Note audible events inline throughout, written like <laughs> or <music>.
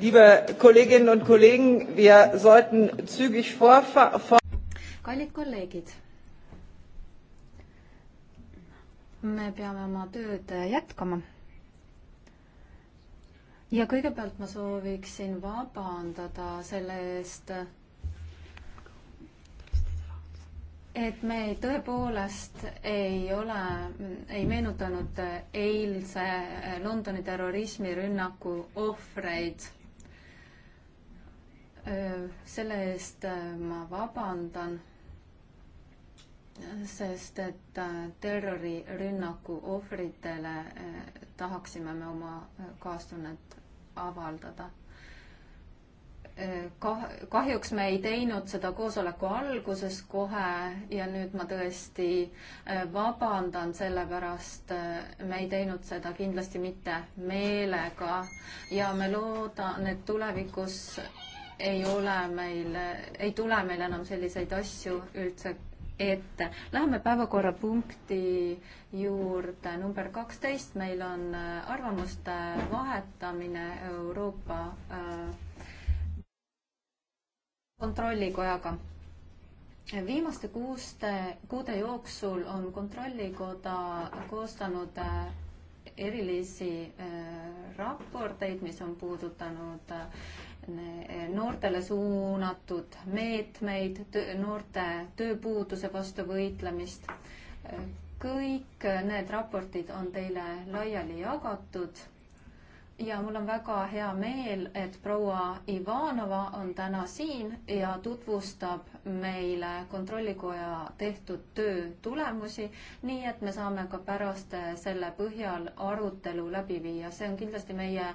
liebe Kolleginnen und Kollegen, wir sollten zügig vor... vor kallid kolleegid, me peame oma tööd jätkama. ja kõigepealt ma sooviksin vabandada selle eest, et me tõepoolest ei ole, ei meenutanud eilse Londoni terrorismirünnaku ohvreid selle eest äh, ma vabandan, sest et äh, terrorirünnaku ohvritele äh, tahaksime me oma kaastunnet avaldada kah-, kahjuks me ei teinud seda koosoleku alguses kohe ja nüüd ma tõesti vabandan selle pärast, me ei teinud seda kindlasti mitte meelega ja me loodan, et tulevikus ei ole meil, ei tule meil enam selliseid asju üldse ette. Läheme päevakorrapunkti juurde number kaksteist, meil on äh, arvamuste vahetamine Euroopa äh, kontrollikojaga. viimaste kuuste, kuude jooksul on kontrollikoda koostanud äh, erilisi raporteid, mis on puudutanud äh, noortele suunatud meetmeid, noorte tööpuuduse vastu võitlemist. kõik need raportid on teile laiali jagatud ja mul on väga hea meel, et proua Ivanova on täna siin ja tutvustab meile Kontrollikoja tehtud töö tulemusi, nii et me saame ka pärast selle põhjal arutelu läbi viia. see on kindlasti meie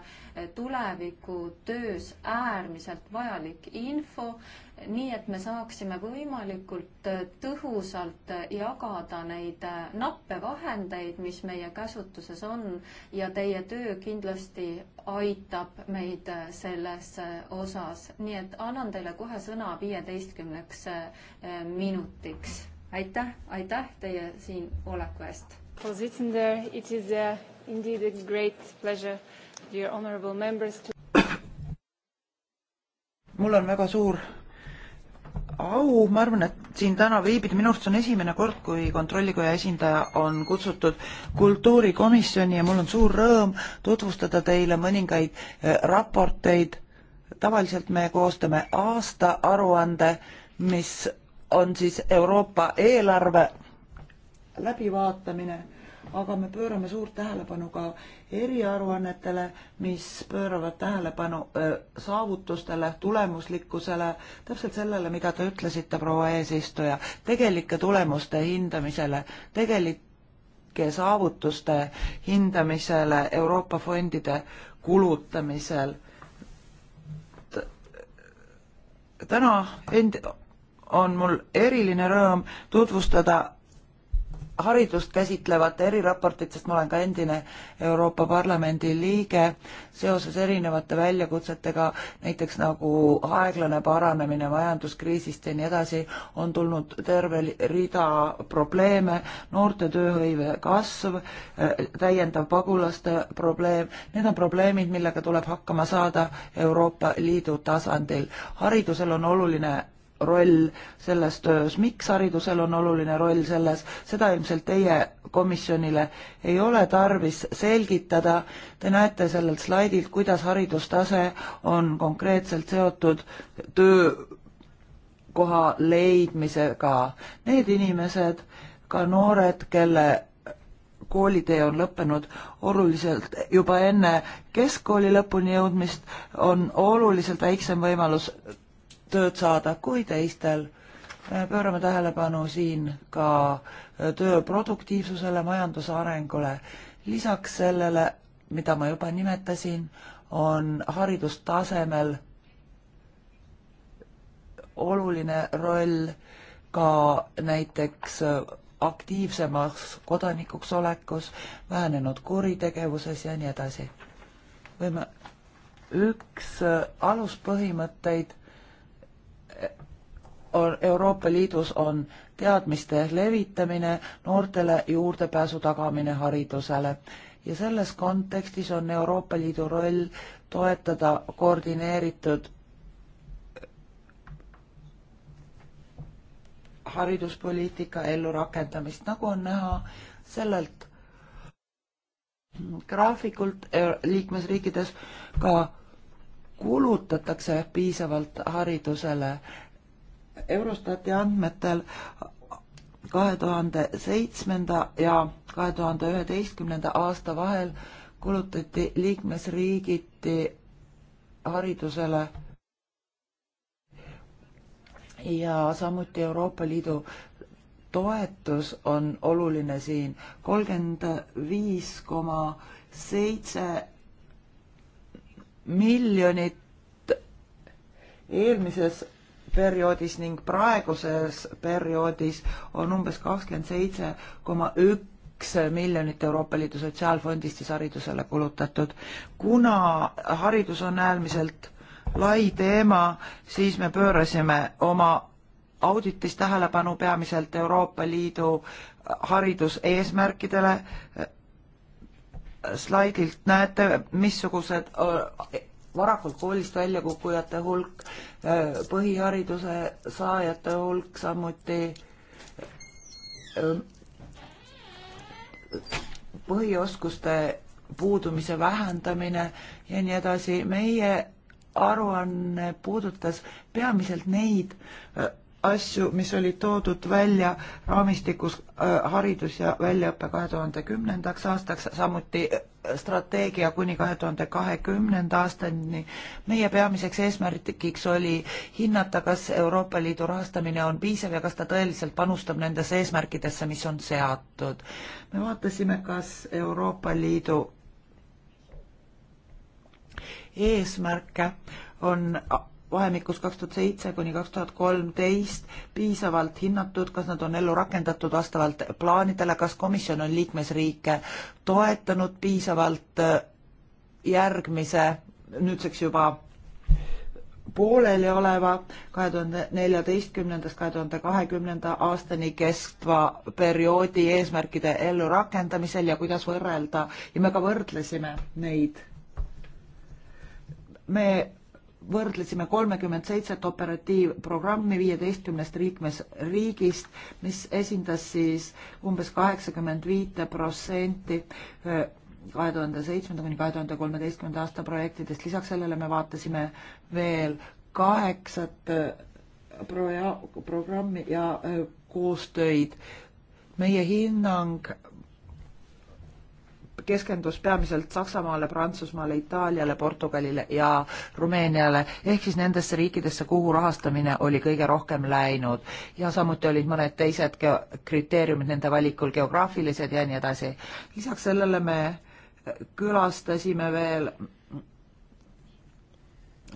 tuleviku töös äärmiselt vajalik info nii et me saaksime võimalikult äh, tõhusalt äh, jagada neid äh, nappe vahendeid, mis meie käsutuses on ja teie töö kindlasti aitab meid selles osas, nii et annan teile kohe sõna viieteistkümneks minutiks. aitäh, aitäh teie siin oleku eest. It is a, eh, indeed a great pleasure, dear honorable members to mul on väga suur au, ma arvan, et siin täna viibida, minu arust see on esimene kord, kui Kontrollikoja esindaja on kutsutud kultuurikomisjoni ja mul on suur rõõm tutvustada teile mõningaid eh, raporteid. tavaliselt me koostame aastaaruande, mis on siis Euroopa eelarve läbivaatamine aga me pöörame suurt tähelepanu ka eriaruannetele, mis pööravad tähelepanu öö, saavutustele, tulemuslikkusele, täpselt sellele, mida te ütlesite, proua eesistuja, tegelike tulemuste hindamisele, tegelike saavutuste hindamisele Euroopa fondide kulutamisel täna end-, on mul eriline rõõm tutvustada haridust käsitlevate eriraportit, sest ma olen ka endine Euroopa Parlamendi liige, seoses erinevate väljakutsetega, näiteks nagu aeglane paranemine majanduskriisist ja nii edasi, on tulnud terve rida probleeme, noorte tööhõive kasv, täiendav pagulaste probleem, need on probleemid, millega tuleb hakkama saada Euroopa Liidu tasandil. haridusel on oluline roll selles töös, miks haridusel on oluline roll selles, seda ilmselt teie komisjonile ei ole tarvis selgitada. Te näete sellel slaidil, kuidas haridustase on konkreetselt seotud töökoha leidmisega. Need inimesed, ka noored, kelle koolitee on lõppenud oluliselt juba enne keskkooli lõpuni jõudmist, on oluliselt väiksem võimalus tööd saada kui teistel. pöörame tähelepanu siin ka töö produktiivsusele, majanduse arengule. lisaks sellele, mida ma juba nimetasin, on haridustasemel oluline roll ka näiteks aktiivsemaks kodanikuks olekus, vähenenud kuritegevuses ja nii edasi. võime, üks aluspõhimõtteid on Euroopa Liidus on teadmiste levitamine, noortele juurdepääsu tagamine haridusele ja selles kontekstis on Euroopa Liidu roll toetada koordineeritud hariduspoliitika ellurakendamist, nagu on näha sellelt graafikult eh, liikmesriikides ka kulutatakse piisavalt haridusele. Eurostati andmetel kahe tuhande seitsmenda ja kahe tuhande üheteistkümnenda aasta vahel kulutati liikmesriigiti haridusele ja samuti Euroopa Liidu toetus on oluline siin kolmkümmend viis koma seitse miljonit eelmises perioodis ning praeguses perioodis on umbes kakskümmend seitse koma üks miljonit Euroopa Liidu Sotsiaalfondist siis haridusele kulutatud. kuna haridus on äärmiselt lai teema, siis me pöörasime oma auditis tähelepanu peamiselt Euroopa Liidu hariduseesmärkidele, slaidilt näete, missugused äh, varakult koolist väljakukkujate hulk, äh, põhihariduse saajate hulk, samuti äh, põhioskuste puudumise vähendamine ja nii edasi. meie aruanne puudutas peamiselt neid asju, mis oli toodud välja raamistikus äh, haridus ja väljaõpe kahe tuhande kümnendaks aastaks, samuti äh, strateegia kuni kahe tuhande kahekümnenda aastani. meie peamiseks eesmärgiks oli hinnata, kas Euroopa Liidu rahastamine on piisav ja kas ta tõeliselt panustab nendesse eesmärkidesse, mis on seatud. me vaatasime, kas Euroopa Liidu eesmärke on vahemikus kaks tuhat seitse kuni kaks tuhat kolmteist piisavalt hinnatud, kas nad on ellu rakendatud vastavalt plaanidele, kas komisjon on liikmesriike toetanud piisavalt äh, järgmise, nüüdseks juba pooleli oleva kahe tuhande neljateistkümnendast kahe tuhande kahekümnenda aastani kestva perioodi eesmärkide ellurakendamisel ja kuidas võrrelda ja me ka võrdlesime neid. me võrdlesime kolmekümmet seitset operatiivprogrammi viieteistkümnest liikmesriigist, mis esindas siis umbes kaheksakümmend viite protsenti äh, kahe tuhande seitsmenda kuni kahe tuhande kolmeteistkümnenda aasta projektidest, lisaks sellele me vaatasime veel kaheksat äh, proja-, programmi ja äh, koostöid. meie hinnang keskendus peamiselt Saksamaale, Prantsusmaale, Itaaliale, Portugalile ja Rumeeniale, ehk siis nendesse riikidesse, kuhu rahastamine oli kõige rohkem läinud. ja samuti olid mõned teised kriteeriumid nende valikul, geograafilised ja nii edasi. lisaks sellele me külastasime veel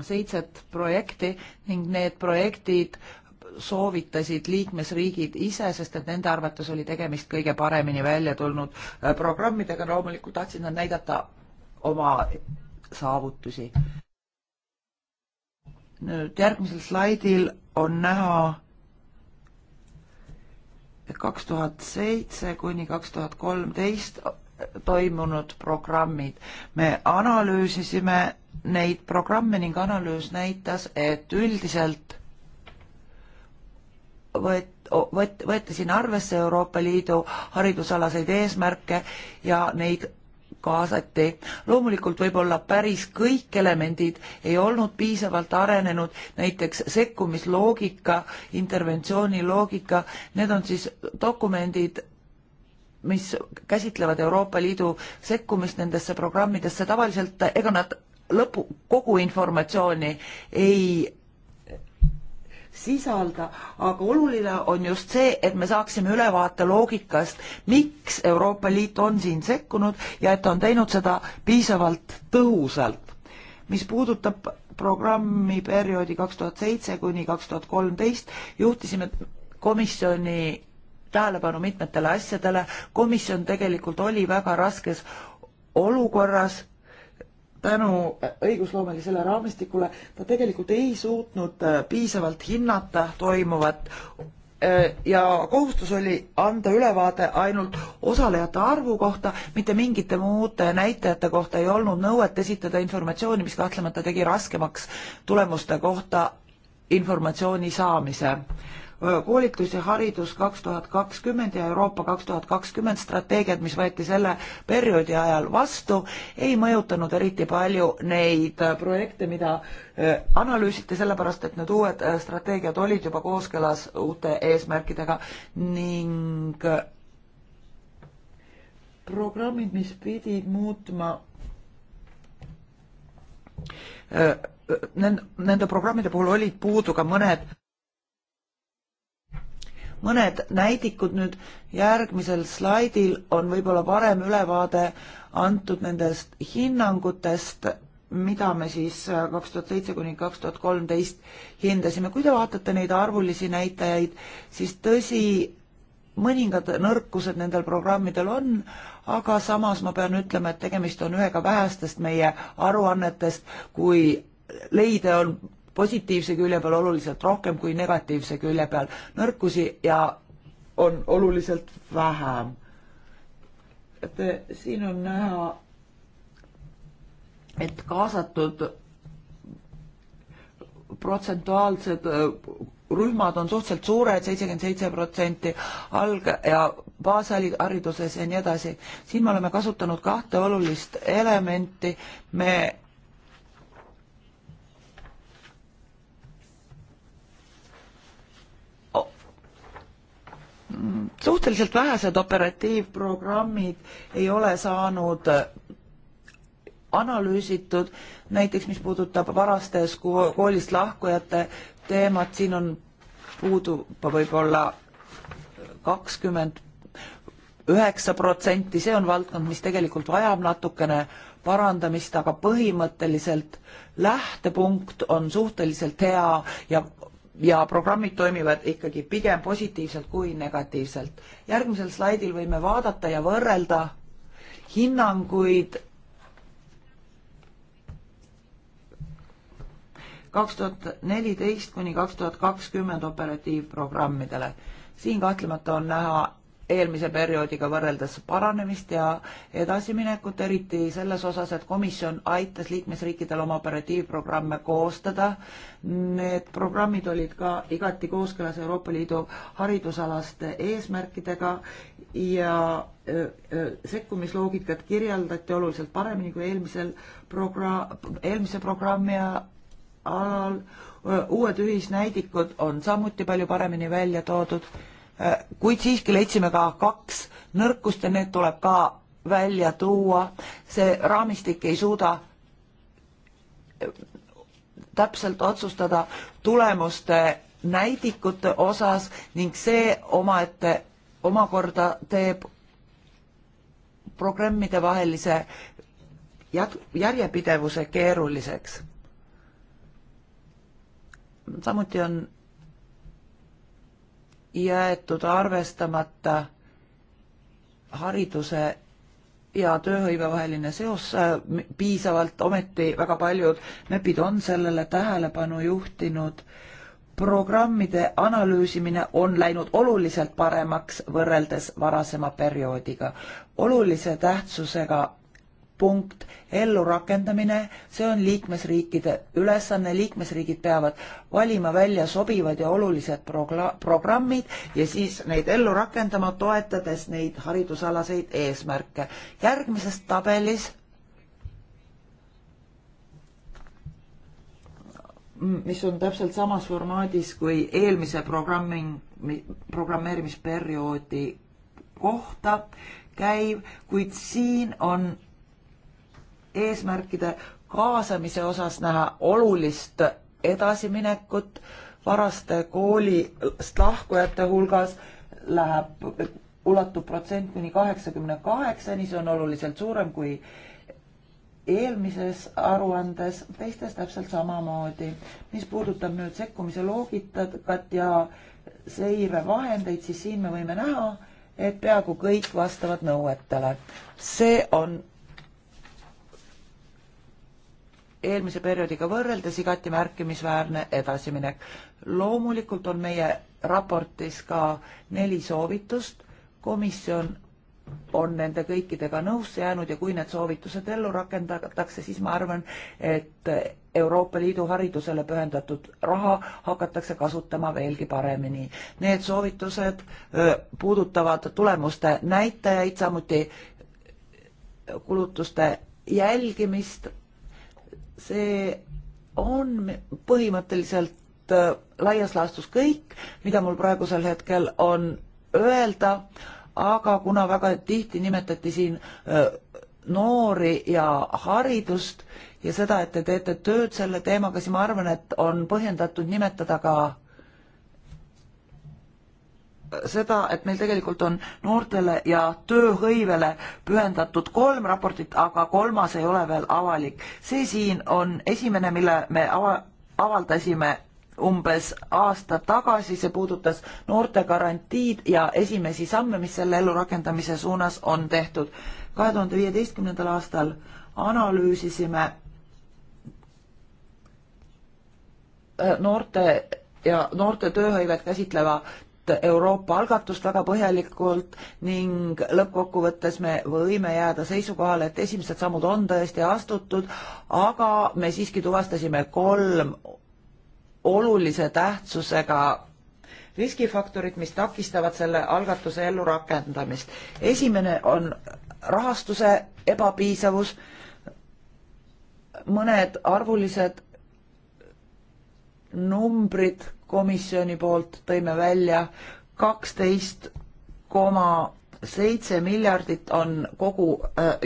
seitset projekti ning need projektid soovitasid liikmesriigid ise, sest et nende arvates oli tegemist kõige paremini välja tulnud äh, programmidega, loomulikult tahtsid nad näidata oma saavutusi. nüüd järgmisel slaidil on näha kaks tuhat seitse kuni kaks tuhat kolmteist toimunud programmid. me analüüsisime neid programme ning analüüs näitas, et üldiselt võet-, võet-, võeti siin arvesse Euroopa Liidu haridusalaseid eesmärke ja neid kaasati. loomulikult võib-olla päris kõik elemendid ei olnud piisavalt arenenud, näiteks sekkumisloogika, interventsiooniloogika, need on siis dokumendid, mis käsitlevad Euroopa Liidu sekkumist nendesse programmidesse, tavaliselt ega nad lõpu, kogu informatsiooni ei sisalda, aga oluline on just see, et me saaksime ülevaate loogikast, miks Euroopa Liit on siin sekkunud ja et on teinud seda piisavalt tõhusalt. mis puudutab programmi perioodi kaks tuhat seitse kuni kaks tuhat kolmteist, juhtisime komisjoni tähelepanu mitmetele asjadele, komisjon tegelikult oli väga raskes olukorras tänu õigusloomelisele raamistikule ta tegelikult ei suutnud äh, piisavalt hinnata toimuvat äh, ja kohustus oli anda ülevaade ainult osalejate arvu kohta, mitte mingite muude näitajate kohta ei olnud nõuet esitada informatsiooni, mis kahtlemata tegi raskemaks tulemuste kohta informatsiooni saamise koolitus ja haridus kaks tuhat kakskümmend ja Euroopa kaks tuhat kakskümmend strateegiad, mis võeti selle perioodi ajal vastu, ei mõjutanud eriti palju neid projekte, mida eh, analüüsiti, sellepärast et need uued eh, strateegiad olid juba kooskõlas uute eesmärkidega ning eh, programmid, mis pidid muutma Nende programmide puhul olid puudu ka mõned mõned näidikud nüüd järgmisel slaidil on võib-olla parem ülevaade antud nendest hinnangutest, mida me siis äh, kaks tuhat seitse kuni kaks tuhat kolmteist hindasime. kui te vaatate neid arvulisi näitajaid, siis tõsi, mõningad nõrkused nendel programmidel on, aga samas ma pean ütlema, et tegemist on ühega vähestest meie aruannetest, kui leide on positiivse külje peal oluliselt rohkem kui negatiivse külje peal nõrkusi ja on oluliselt vähem. et eh, siin on näha, et kaasatud protsentuaalsed eh, rühmad on suhteliselt suured, seitsekümmend seitse protsenti alg- ja baashariduses ja nii edasi. siin me oleme kasutanud kahte olulist elementi, me suhteliselt vähesed operatiivprogrammid ei ole saanud äh, analüüsitud, näiteks mis puudutab varastes koolist lahkujate teemat, siin on puudu võib-olla kakskümmend üheksa protsenti, see on valdkond, mis tegelikult vajab natukene parandamist, aga põhimõtteliselt lähtepunkt on suhteliselt hea ja ja programmid toimivad ikkagi pigem positiivselt kui negatiivselt. järgmisel slaidil võime vaadata ja võrrelda hinnanguid kaks tuhat neliteist kuni kaks tuhat kakskümmend operatiivprogrammidele. siin kahtlemata on näha eelmise perioodiga võrreldes paranemist ja edasiminekut, eriti selles osas, et komisjon aitas liikmesriikidel oma operatiivprogramme koostada. Need programmid olid ka igati kooskõlas Euroopa Liidu haridusalaste eesmärkidega ja sekkumisloogikat kirjeldati oluliselt paremini kui eelmisel progra-, eelmise programmi alal. uued ühisnäidikud on samuti palju paremini välja toodud kuid siiski leidsime ka kaks nõrkust ja need tuleb ka välja tuua. see raamistik ei suuda äh, täpselt otsustada tulemuste näidikute osas ning see omaette omakorda teeb programmide vahelise järjepidevuse keeruliseks. samuti on jäetud arvestamata hariduse ja tööhõive vaheline seos äh, piisavalt, ometi väga paljud MEP-id on sellele tähelepanu juhtinud. programmide analüüsimine on läinud oluliselt paremaks võrreldes varasema perioodiga. olulise tähtsusega punkt, ellurakendamine, see on liikmesriikide ülesanne, liikmesriigid peavad valima välja sobivad ja olulised progla-, programmid ja siis neid ellu rakendama, toetades neid haridusalaseid eesmärke. järgmises tabelis mis on täpselt samas formaadis kui eelmise programming, programmeerimisperioodi kohta käiv, kuid siin on eesmärkide kaasamise osas näha olulist edasiminekut varaste koolist lahkujate hulgas läheb, ulatub protsent kuni kaheksakümne kaheksani, see on oluliselt suurem kui eelmises aruandes, teistes täpselt samamoodi. mis puudutab nüüd sekkumise loogikat ja seirevahendeid, siis siin me võime näha, et peaaegu kõik vastavad nõuetele. see on eelmise perioodiga võrreldes igati märkimisväärne edasiminek. loomulikult on meie raportis ka neli soovitust, komisjon on nende kõikidega nõusse jäänud ja kui need soovitused ellu rakendatakse, siis ma arvan, et Euroopa Liidu haridusele pühendatud raha hakatakse kasutama veelgi paremini. Need soovitused puudutavad tulemuste näitajaid, samuti kulutuste jälgimist see on põhimõtteliselt äh, laias laastus kõik, mida mul praegusel hetkel on öelda, aga kuna väga tihti nimetati siin äh, noori ja haridust ja seda, et te teete tööd selle teemaga, siis ma arvan, et on põhjendatud nimetada ka seda, et meil tegelikult on noortele ja tööhõivele pühendatud kolm raportit, aga kolmas ei ole veel avalik. see siin on esimene, mille me ava-, avaldasime umbes aasta tagasi, see puudutas noorte garantiid ja esimesi samme, mis selle ellu rakendamise suunas on tehtud. kahe tuhande viieteistkümnendal aastal analüüsisime äh, noorte ja noorte tööhõivet käsitleva Euroopa algatust väga põhjalikult ning lõppkokkuvõttes me võime jääda seisukohale, et esimesed sammud on tõesti astutud, aga me siiski tuvastasime kolm olulise tähtsusega riskifaktorid, mis takistavad selle algatuse ellurakendamist. esimene on rahastuse ebapiisavus, mõned arvulised numbrid komisjoni poolt tõime välja kaksteist koma seitse miljardit on kogu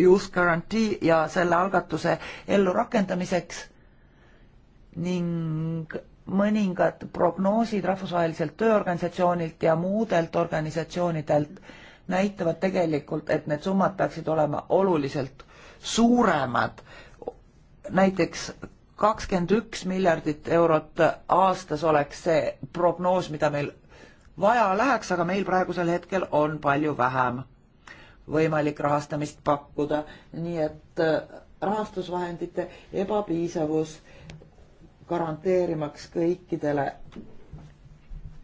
Youth äh, Guarantee ja selle algatuse ellurakendamiseks ning mõningad prognoosid rahvusvaheliselt tööorganisatsioonilt ja muudelt organisatsioonidelt näitavad tegelikult, et need summad peaksid olema oluliselt suuremad. näiteks kakskümmend üks miljardit eurot aastas oleks see prognoos, mida meil vaja läheks, aga meil praegusel hetkel on palju vähem võimalik rahastamist pakkuda, nii et äh, rahastusvahendite ebapiisavus garanteerimaks kõikidele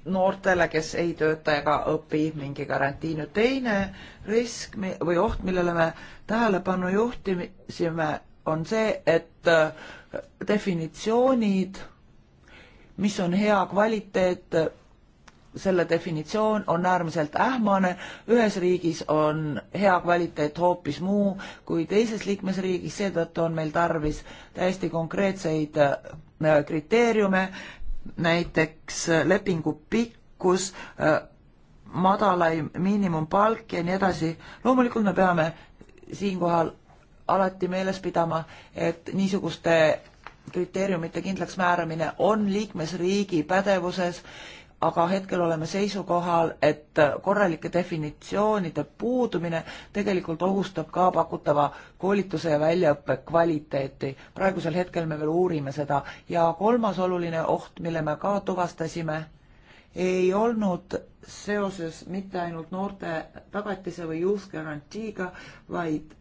noortele, kes ei tööta ega õpi, mingi garantii. nüüd teine risk või oht, millele me tähelepanu juhtisime, on see, et äh, definitsioonid, mis on hea kvaliteet, selle definitsioon on äärmiselt ähmane, ühes riigis on hea kvaliteet hoopis muu kui teises liikmesriigis, seetõttu on meil tarvis täiesti konkreetseid äh, kriteeriume, näiteks äh, lepingu pikkus, äh, madalaim miinimumpalk ja nii edasi. loomulikult me peame siinkohal alati meeles pidama, et niisuguste kriteeriumite kindlaks määramine on liikmesriigi pädevuses, aga hetkel oleme seisukohal, et korralike definitsioonide puudumine tegelikult ohustab ka pakutava koolituse ja väljaõppe kvaliteeti. praegusel hetkel me veel uurime seda ja kolmas oluline oht, mille me ka tuvastasime, ei olnud seoses mitte ainult noorte tagatise või youth guarantee'ga, vaid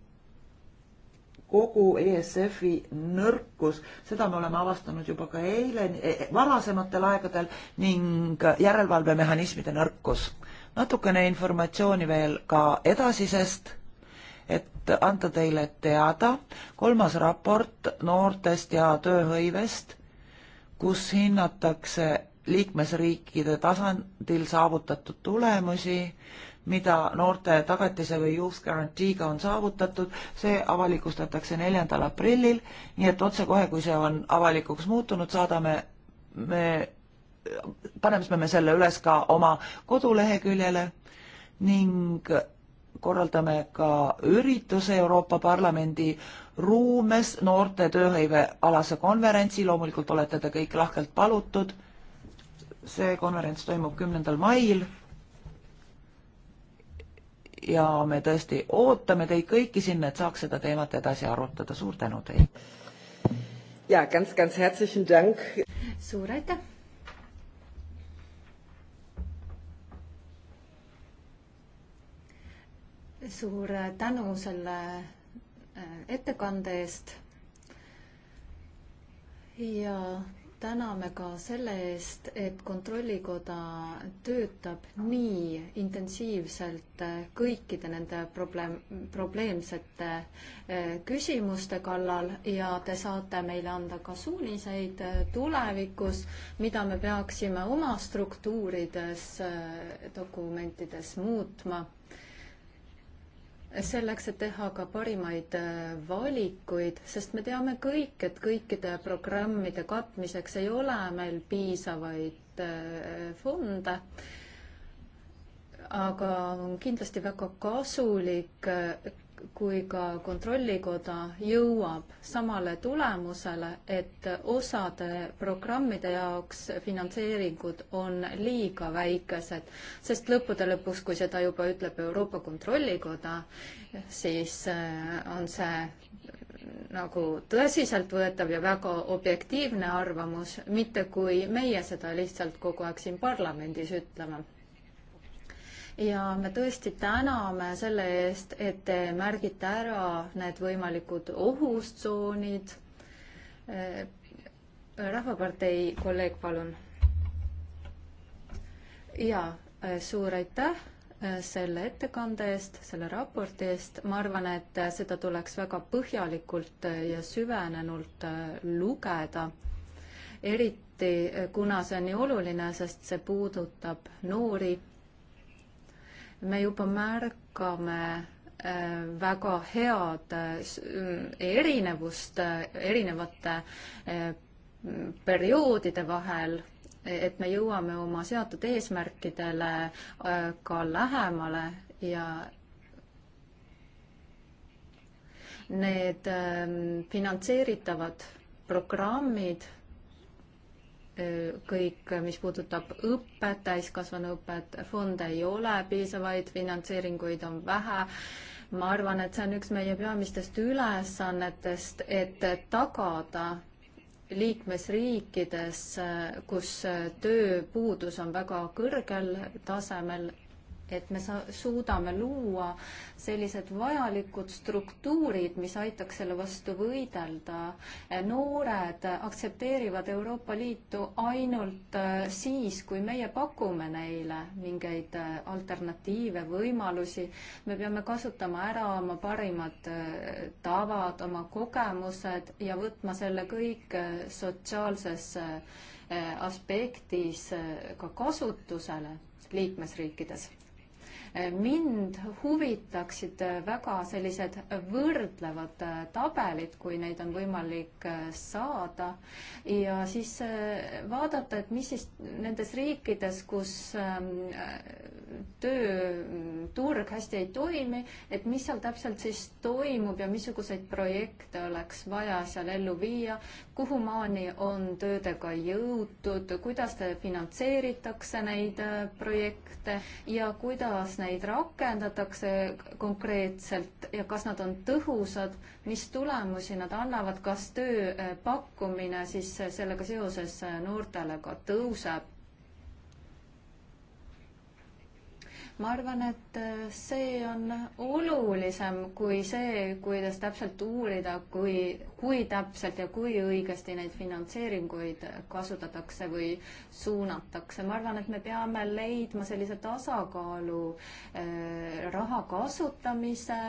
kogu ESF-i nõrkus, seda me oleme avastanud juba ka eile, e, e, varasematel aegadel ning järelevalvemehhanismide nõrkus. natukene informatsiooni veel ka edasisest, et anda teile teada, kolmas raport noortest ja tööhõivest, kus hinnatakse liikmesriikide tasandil saavutatud tulemusi mida noorte tagatise või youth guarantee'ga on saavutatud, see avalikustatakse neljandal aprillil, nii et otsekohe, kui see on avalikuks muutunud, saadame me, paneme me selle üles ka oma koduleheküljele ning korraldame ka ürituse Euroopa Parlamendi ruumes noorte tööhõive alase konverentsi, loomulikult olete te kõik lahkelt palutud. see konverents toimub kümnendal mail ja me tõesti ootame teid kõiki sinna, et saaks seda teemat edasi arutada. suur tänu teile. ja, ganz, ganz herzlichen Dank. suur aitäh. suur tänu selle äh, ettekande eest. ja täname ka selle eest, et Kontrollikoda töötab nii intensiivselt kõikide nende probleem, probleemsete eh, küsimuste kallal ja te saate meile anda ka suuniseid eh, tulevikus, mida me peaksime oma struktuurides, eh, dokumentides muutma selleks, et teha ka parimaid äh, valikuid, sest me teame kõik, et kõikide programmide katmiseks ei ole meil piisavaid äh, fonde. aga on kindlasti väga kasulik äh, kui ka Kontrollikoda jõuab samale tulemusele, et osade programmide jaoks finantseeringud on liiga väikesed, sest lõppude lõpuks, kui seda juba ütleb Euroopa Kontrollikoda, siis äh, on see nagu tõsiseltvõetav ja väga objektiivne arvamus, mitte kui meie seda lihtsalt kogu aeg siin parlamendis ütleme ja me tõesti täname selle eest, et te märgite ära need võimalikud ohustsoonid. Eh, rahvapartei kolleeg, palun. ja eh, suur aitäh eh, selle ettekande eest, selle raporti eest, ma arvan, et seda tuleks väga põhjalikult ja süvenenult lugeda. eriti kuna see on nii oluline, sest see puudutab noori me juba märkame äh, väga head äh, erinevust äh, erinevate perioodide vahel, et me jõuame oma seatud eesmärkidele ka lähemale ja need ähm, finantseeritavad programmid kõik, mis puudutab õpet, täiskasvanuõpet, fonde ei ole piisavaid, finantseeringuid on vähe. ma arvan, et see on üks meie peamistest ülesannetest, et tagada liikmesriikides, kus tööpuudus on väga kõrgel tasemel, et me suudame luua sellised vajalikud struktuurid, mis aitaks selle vastu võidelda. noored aktsepteerivad Euroopa Liitu ainult äh, siis, kui meie pakume neile mingeid äh, alternatiive, võimalusi. me peame kasutama ära oma parimad äh, tavad, oma kogemused ja võtma selle kõik sotsiaalsesse aspektis ka kasutusele liikmesriikides mind huvitaksid väga sellised võrdlevad äh, tabelid, kui neid on võimalik äh, saada ja siis äh, vaadata, et mis siis nendes riikides, kus ähm, tööturg hästi ei toimi, et mis seal täpselt siis toimub ja missuguseid projekte oleks vaja seal ellu viia, kuhu maani on töödega jõutud, kuidas finantseeritakse neid äh, projekte ja kuidas neid rakendatakse konkreetselt ja kas nad on tõhusad, mis tulemusi nad annavad, kas töö pakkumine siis sellega seoses äh, noortele ka tõuseb ma arvan, et äh, see on olulisem kui see, kuidas täpselt uurida, kui, kui täpselt ja kui õigesti neid finantseeringuid kasutatakse või suunatakse. ma arvan, et me peame leidma sellise tasakaalu eh, raha kasutamise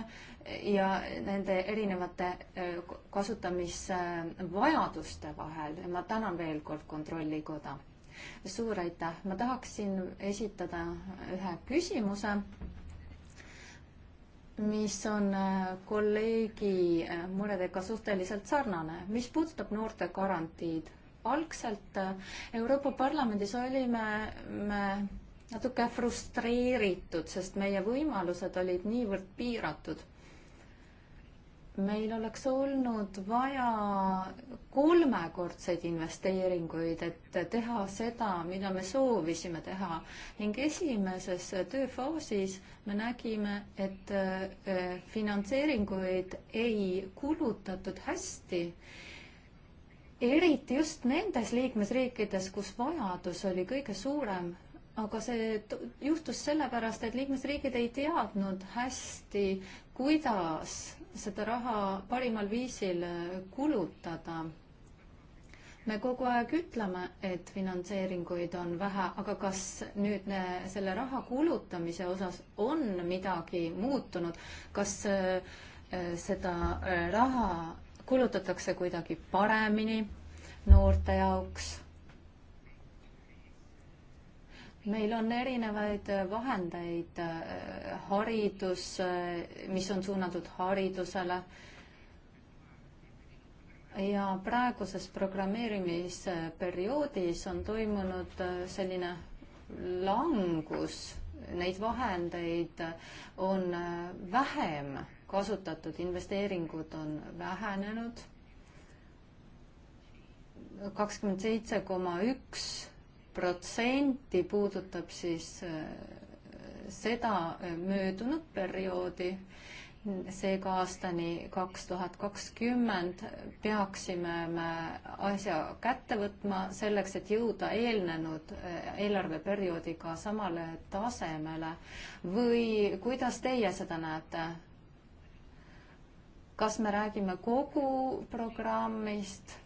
ja nende erinevate eh, äh, kasutamisvajaduste vahel. ma tänan veel kord Kontrollikoda suur aitäh, ma tahaksin esitada ühe küsimuse, mis on äh, kolleegi äh, muredega suhteliselt sarnane, mis puudutab noorte garantiid. algselt äh, Euroopa Parlamendis olime me natuke frustreeritud, sest meie võimalused olid niivõrd piiratud meil oleks olnud vaja kolmekordseid investeeringuid, et teha seda, mida me soovisime teha ning esimeses tööfaasis me nägime, et äh, finantseeringuid ei kulutatud hästi eriti just nendes liikmesriikides, kus vajadus oli kõige suurem, aga see juhtus sellepärast, et liikmesriigid ei teadnud hästi, kuidas seda raha parimal viisil kulutada. me kogu aeg ütleme, et finantseeringuid on vähe, aga kas nüüd ne, selle raha kulutamise osas on midagi muutunud, kas äh, seda äh, raha kulutatakse kuidagi paremini noorte jaoks meil on erinevaid äh, vahendeid, äh, haridus, äh, mis on suunatud haridusele ja praeguses programmeerimisperioodis on toimunud selline langus, neid vahendeid on vähem kasutatud, investeeringud on vähenenud kakskümmend seitse koma üks protsenti puudutab siis äh, seda äh, möödunud perioodi, seega aastani kaks tuhat kakskümmend peaksime me asja kätte võtma selleks, et jõuda eelnenud äh, eelarveperioodiga samale tasemele või kuidas teie seda näete? kas me räägime kogu programmist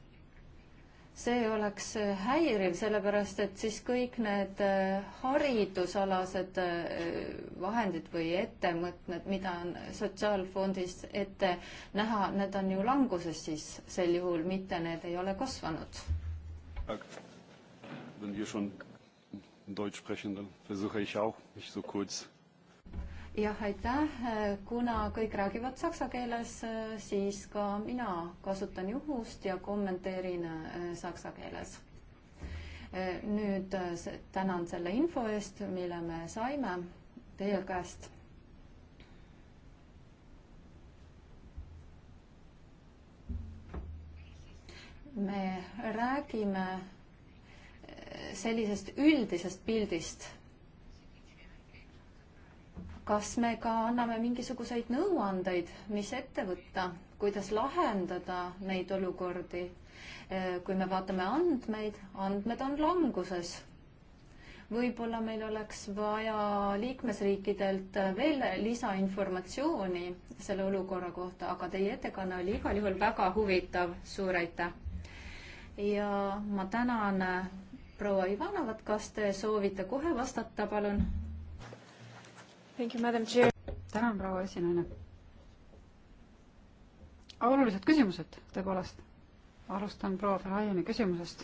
see oleks häiriv, sellepärast et siis kõik need äh, haridusalased äh, vahendid või ettemõtted, mida on Sotsiaalfondis ette näha, need on ju languses siis sel juhul, mitte need ei ole kasvanud. Wenn wir schon Deutsch sprechen, dann versuche ich auch, mich so kurz jah, aitäh, kuna kõik räägivad saksa keeles, siis ka mina kasutan juhust ja kommenteerin äh, saksa keeles. nüüd äh, tänan selle info eest, mille me saime teie käest. me räägime äh, sellisest üldisest pildist kas me ka anname mingisuguseid nõuandeid, mis ette võtta, kuidas lahendada neid olukordi? Äh, kui me vaatame andmeid, andmed on languses. võib-olla meil oleks vaja liikmesriikidelt veel lisainformatsiooni selle olukorra kohta, aga teie ettekanne oli igal juhul väga huvitav, suur aitäh! ja ma tänan proua Ivanovat, kas te soovite kohe vastata, palun? tänan, proua esinaine. olulised küsimused tõepoolest. alustan proua Ferraiani küsimusest.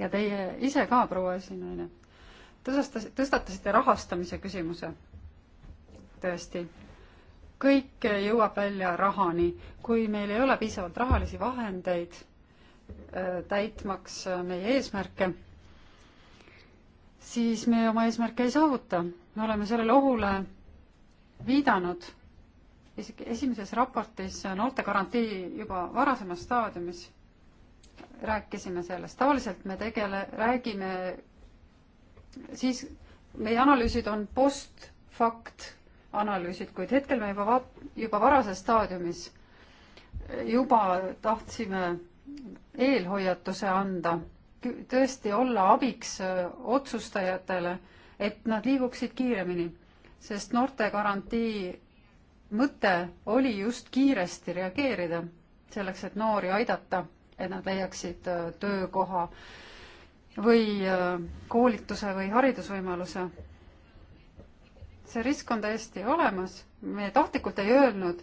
ja teie ise ka, proua esinaine. tõstastasite, tõstatasite rahastamise küsimuse. tõesti. kõik jõuab välja rahani. kui meil ei ole piisavalt rahalisi vahendeid äh, täitmaks äh, meie eesmärke, siis me oma eesmärke ei saavuta me oleme sellele ohule viidanud isegi esimeses raportis noortegarantii juba varasemas staadiumis rääkisime sellest, tavaliselt me tegele, räägime siis, meie analüüsid on post-fakt analüüsid, kuid hetkel me juba vaat-, juba varases staadiumis juba tahtsime eelhoiatuse anda, tõesti olla abiks otsustajatele et nad liiguksid kiiremini, sest noortegarantii mõte oli just kiiresti reageerida, selleks et noori aidata, et nad leiaksid äh, töökoha või äh, koolituse või haridusvõimaluse. see risk on täiesti olemas, me tahtlikult ei öelnud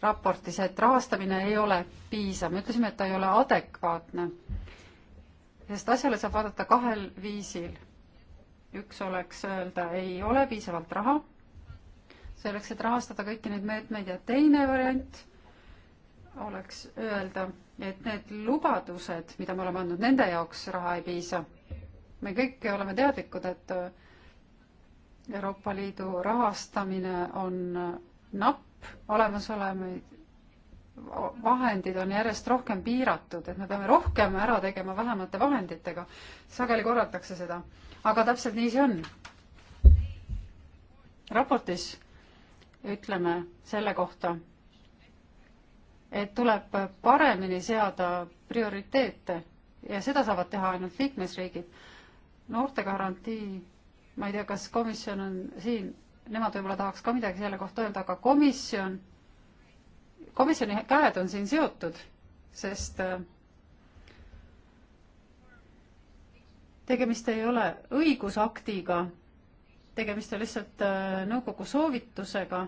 raportis, et rahastamine ei ole piisav, me ütlesime, et ta ei ole adekvaatne. sest asjale saab vaadata kahel viisil üks oleks öelda, ei ole piisavalt raha selleks, et rahastada kõiki neid meetmeid ja teine variant oleks öelda, et need lubadused, mida me oleme andnud, nende jaoks raha ei piisa. me kõik oleme teadlikud, et Euroopa Liidu rahastamine on napp, olemasolevaid vahendid on järjest rohkem piiratud, et me peame rohkem ära tegema vähemate vahenditega. sageli korratakse seda, aga täpselt nii see on. raportis ütleme selle kohta, et tuleb paremini seada prioriteete ja seda saavad teha ainult liikmesriigid. noortegarantii, ma ei tea, kas komisjon on siin, nemad võib-olla tahaks ka midagi selle kohta öelda, aga komisjon komisjoni käed on siin seotud, sest äh, tegemist ei ole õigusaktiga, tegemist on lihtsalt äh, nõukogu soovitusega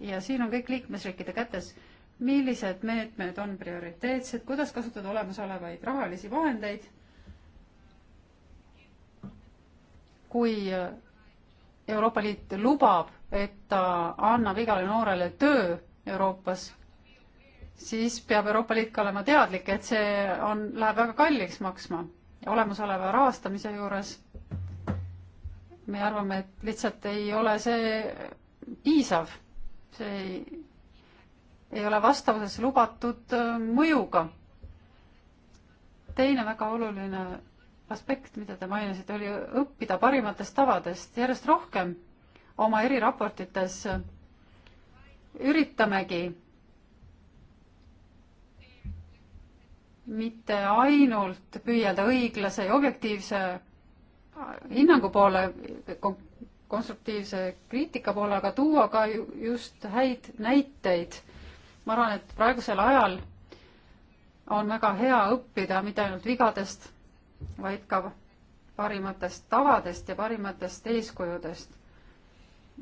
ja siin on kõik liikmesriikide kätes, millised meetmed on prioriteetsed, kuidas kasutada olemasolevaid rahalisi vahendeid, kui äh, Euroopa Liit lubab, et ta annab igale noorele töö Euroopas, siis peab Euroopa Liit ka olema teadlik, et see on, läheb väga kalliks maksma olemasoleva rahastamise juures. me arvame, et lihtsalt ei ole see piisav, see ei, ei ole vastavuses lubatud äh, mõjuga. teine väga oluline aspekt, mida te mainisite, oli õppida parimatest tavadest järjest rohkem oma eriraportites üritamegi mitte ainult püüelda õiglase ja objektiivse hinnangu poole, konstruktiivse kriitika poole, aga tuua ka just häid näiteid. ma arvan, et praegusel ajal on väga hea õppida mitte ainult vigadest, vaid ka parimatest tavadest ja parimatest eeskujudest.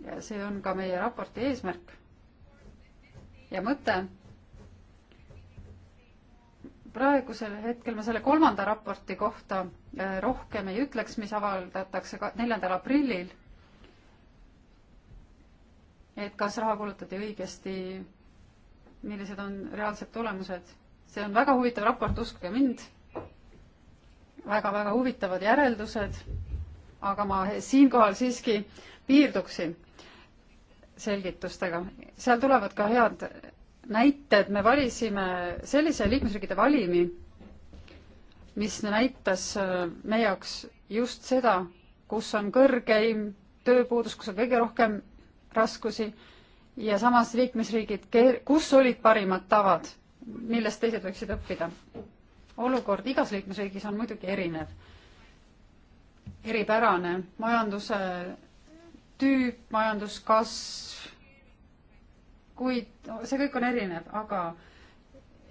ja see on ka meie raporti eesmärk ja mõte. praegusel hetkel ma selle kolmanda raporti kohta äh, rohkem ei ütleks, mis avaldatakse ka neljandal aprillil. et kas raha kulutati õigesti, millised on reaalsed tulemused, see on väga huvitav raport, uskuge mind väga,. väga-väga huvitavad järeldused, aga ma siinkohal siiski piirduksin selgitustega. seal tulevad ka head näited, me valisime sellise liikmesriikide valimi, mis näitas äh, meie jaoks just seda, kus on kõrgeim tööpuudus, kus on kõige rohkem raskusi ja samas liikmesriigid, kus olid parimad tavad, millest teised võiksid õppida. olukord igas liikmesriigis on muidugi erinev, eripärane majanduse tüüp, majanduskasv, kuid see kõik on erinev, aga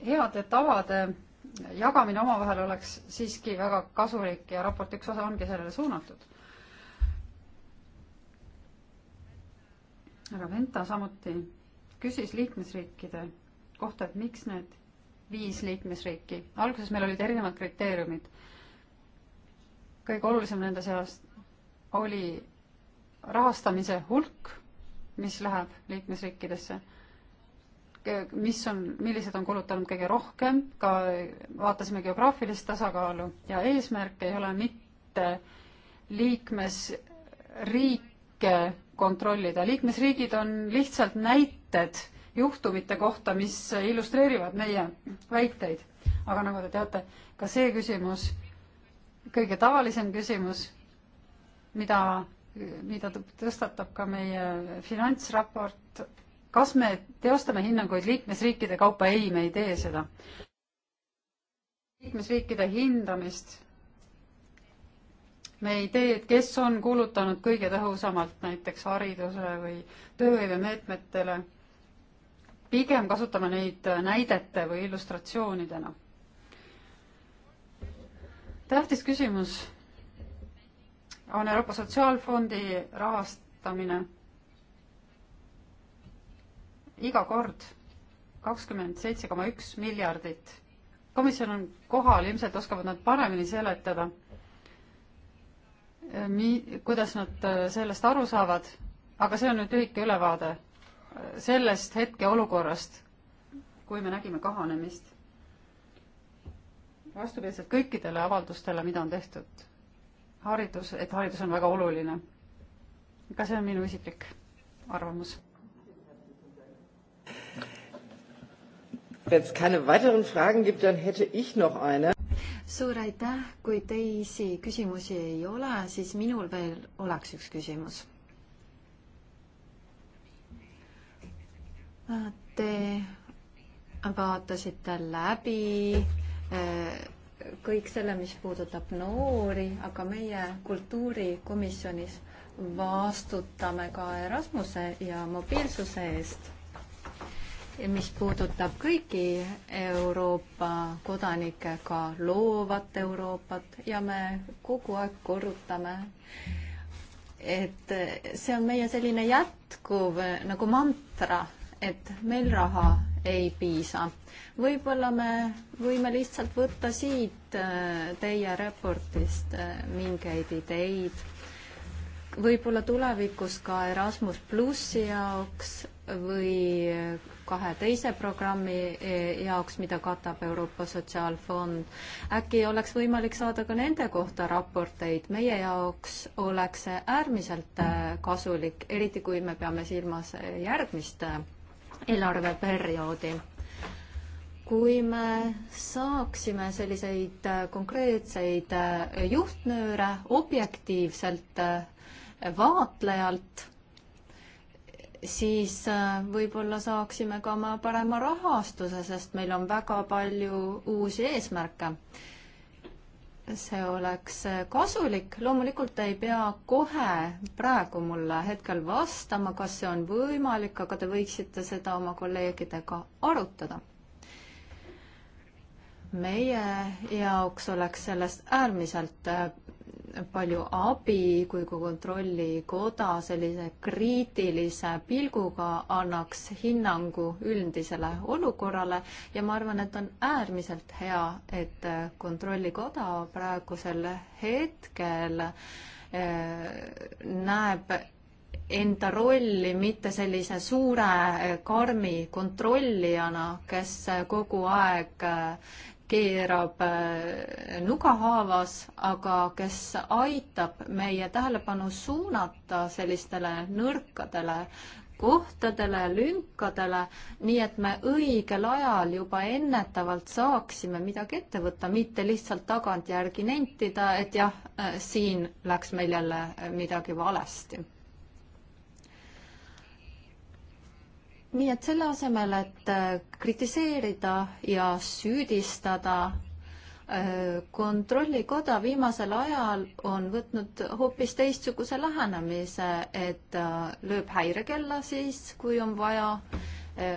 heade tavade jagamine omavahel oleks siiski väga kasulik ja raporti üks osa ongi sellele suunatud. härra Venta samuti küsis liikmesriikide kohta, et miks need viis liikmesriiki, alguses meil olid erinevad kriteeriumid. kõige olulisem nende seas oli rahastamise hulk, mis läheb liikmesriikidesse, mis on, millised on kulutanud kõige rohkem, ka vaatasime geograafilist tasakaalu ja eesmärk ei ole mitte liikmesriike kontrollida, liikmesriigid on lihtsalt näited juhtumite kohta, mis illustreerivad meie väiteid. aga nagu te teate, ka see küsimus, kõige tavalisem küsimus, mida mida tõstatab ka meie finantsraport. kas me teostame hinnanguid liikmesriikide kaupa? ei, me ei tee seda. liikmesriikide hindamist me ei tee, et kes on kulutanud kõige tõhusamalt näiteks haridusele või tööhõivemeetmetele. pigem kasutame neid näidete või illustratsioonidena. tähtis küsimus on Euroopa Sotsiaalfondi rahastamine iga kord kakskümmend seitse koma üks miljardit. komisjon on kohal, ilmselt oskavad nad paremini seletada, eh, mi-, kuidas nad eh, sellest aru saavad, aga see on nüüd lühike ülevaade eh, sellest hetkeolukorrast, kui me nägime kahanemist. vastupidiselt kõikidele avaldustele, mida on tehtud haridus, et haridus on väga oluline. ka see on minu isiklik arvamus. Wenn es keine weiteren Fragen gibt, dann hätte ich noch eine. suur aitäh, kui teisi küsimusi ei ole, siis minul veel oleks üks küsimus. Te vaatasite läbi äh, kõik selle, mis puudutab noori, aga meie kultuurikomisjonis vastutame ka Erasmuse ja mobiilsuse eest, mis puudutab kõiki Euroopa kodanikke, ka loovat Euroopat ja me kogu aeg korrutame, et see on meie selline jätkuv nagu mantra, et meil raha ei piisa. võib-olla me võime lihtsalt võtta siit äh, teie raportist äh, mingeid ideid, võib-olla tulevikus ka Erasmus plussi jaoks või kahe teise programmi äh, jaoks, mida katab Euroopa Sotsiaalfond. äkki oleks võimalik saada ka nende kohta raporteid, meie jaoks oleks see äärmiselt kasulik, eriti kui me peame silmas järgmist eelarveperioodi. kui me saaksime selliseid konkreetseid juhtnööre objektiivselt vaatlejalt, siis võib-olla saaksime ka oma parema rahastuse, sest meil on väga palju uusi eesmärke see oleks kasulik, loomulikult te ei pea kohe praegu mulle hetkel vastama, kas see on võimalik, aga te võiksite seda oma kolleegidega arutada. meie jaoks oleks sellest äärmiselt palju abi, kui ka Kontrollikoda sellise kriitilise pilguga annaks hinnangu üldisele olukorrale ja ma arvan, et on äärmiselt hea, et Kontrollikoda praegusel hetkel eh, näeb enda rolli mitte sellise suure eh, karmi kontrollijana, kes kogu aeg eh, keerab äh, nuga haavas, aga kes aitab meie tähelepanu suunata sellistele nõrkadele kohtadele, lünkadele, nii et me õigel ajal juba ennetavalt saaksime midagi ette võtta, mitte lihtsalt tagantjärgi nentida, et jah, äh, siin läks meil jälle midagi valesti nii et selle asemel, et äh, kritiseerida ja süüdistada, äh, kontrollikoda viimasel ajal on võtnud hoopis teistsuguse lähenemise, et äh, lööb häirekella siis, kui on vaja,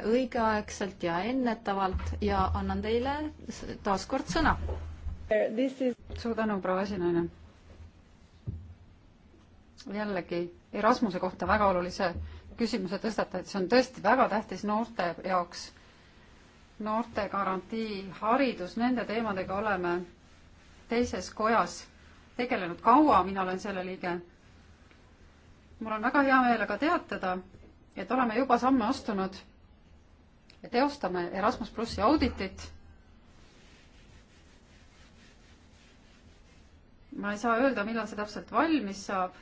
õigeaegselt ja ennetavalt ja annan teile taas kord sõna. Is... suur tänu, proua esinaine. jällegi Erasmuse kohta väga olulise küsimuse tõstatanud, see on tõesti väga tähtis noorte jaoks. noorte garantii, haridus, nende teemadega oleme teises kojas tegelenud kaua, mina olen selle liige. mul on väga hea meel aga teatada, et oleme juba samme astunud ja teostame Erasmus plussi auditit ma ei saa öelda, millal see täpselt valmis saab,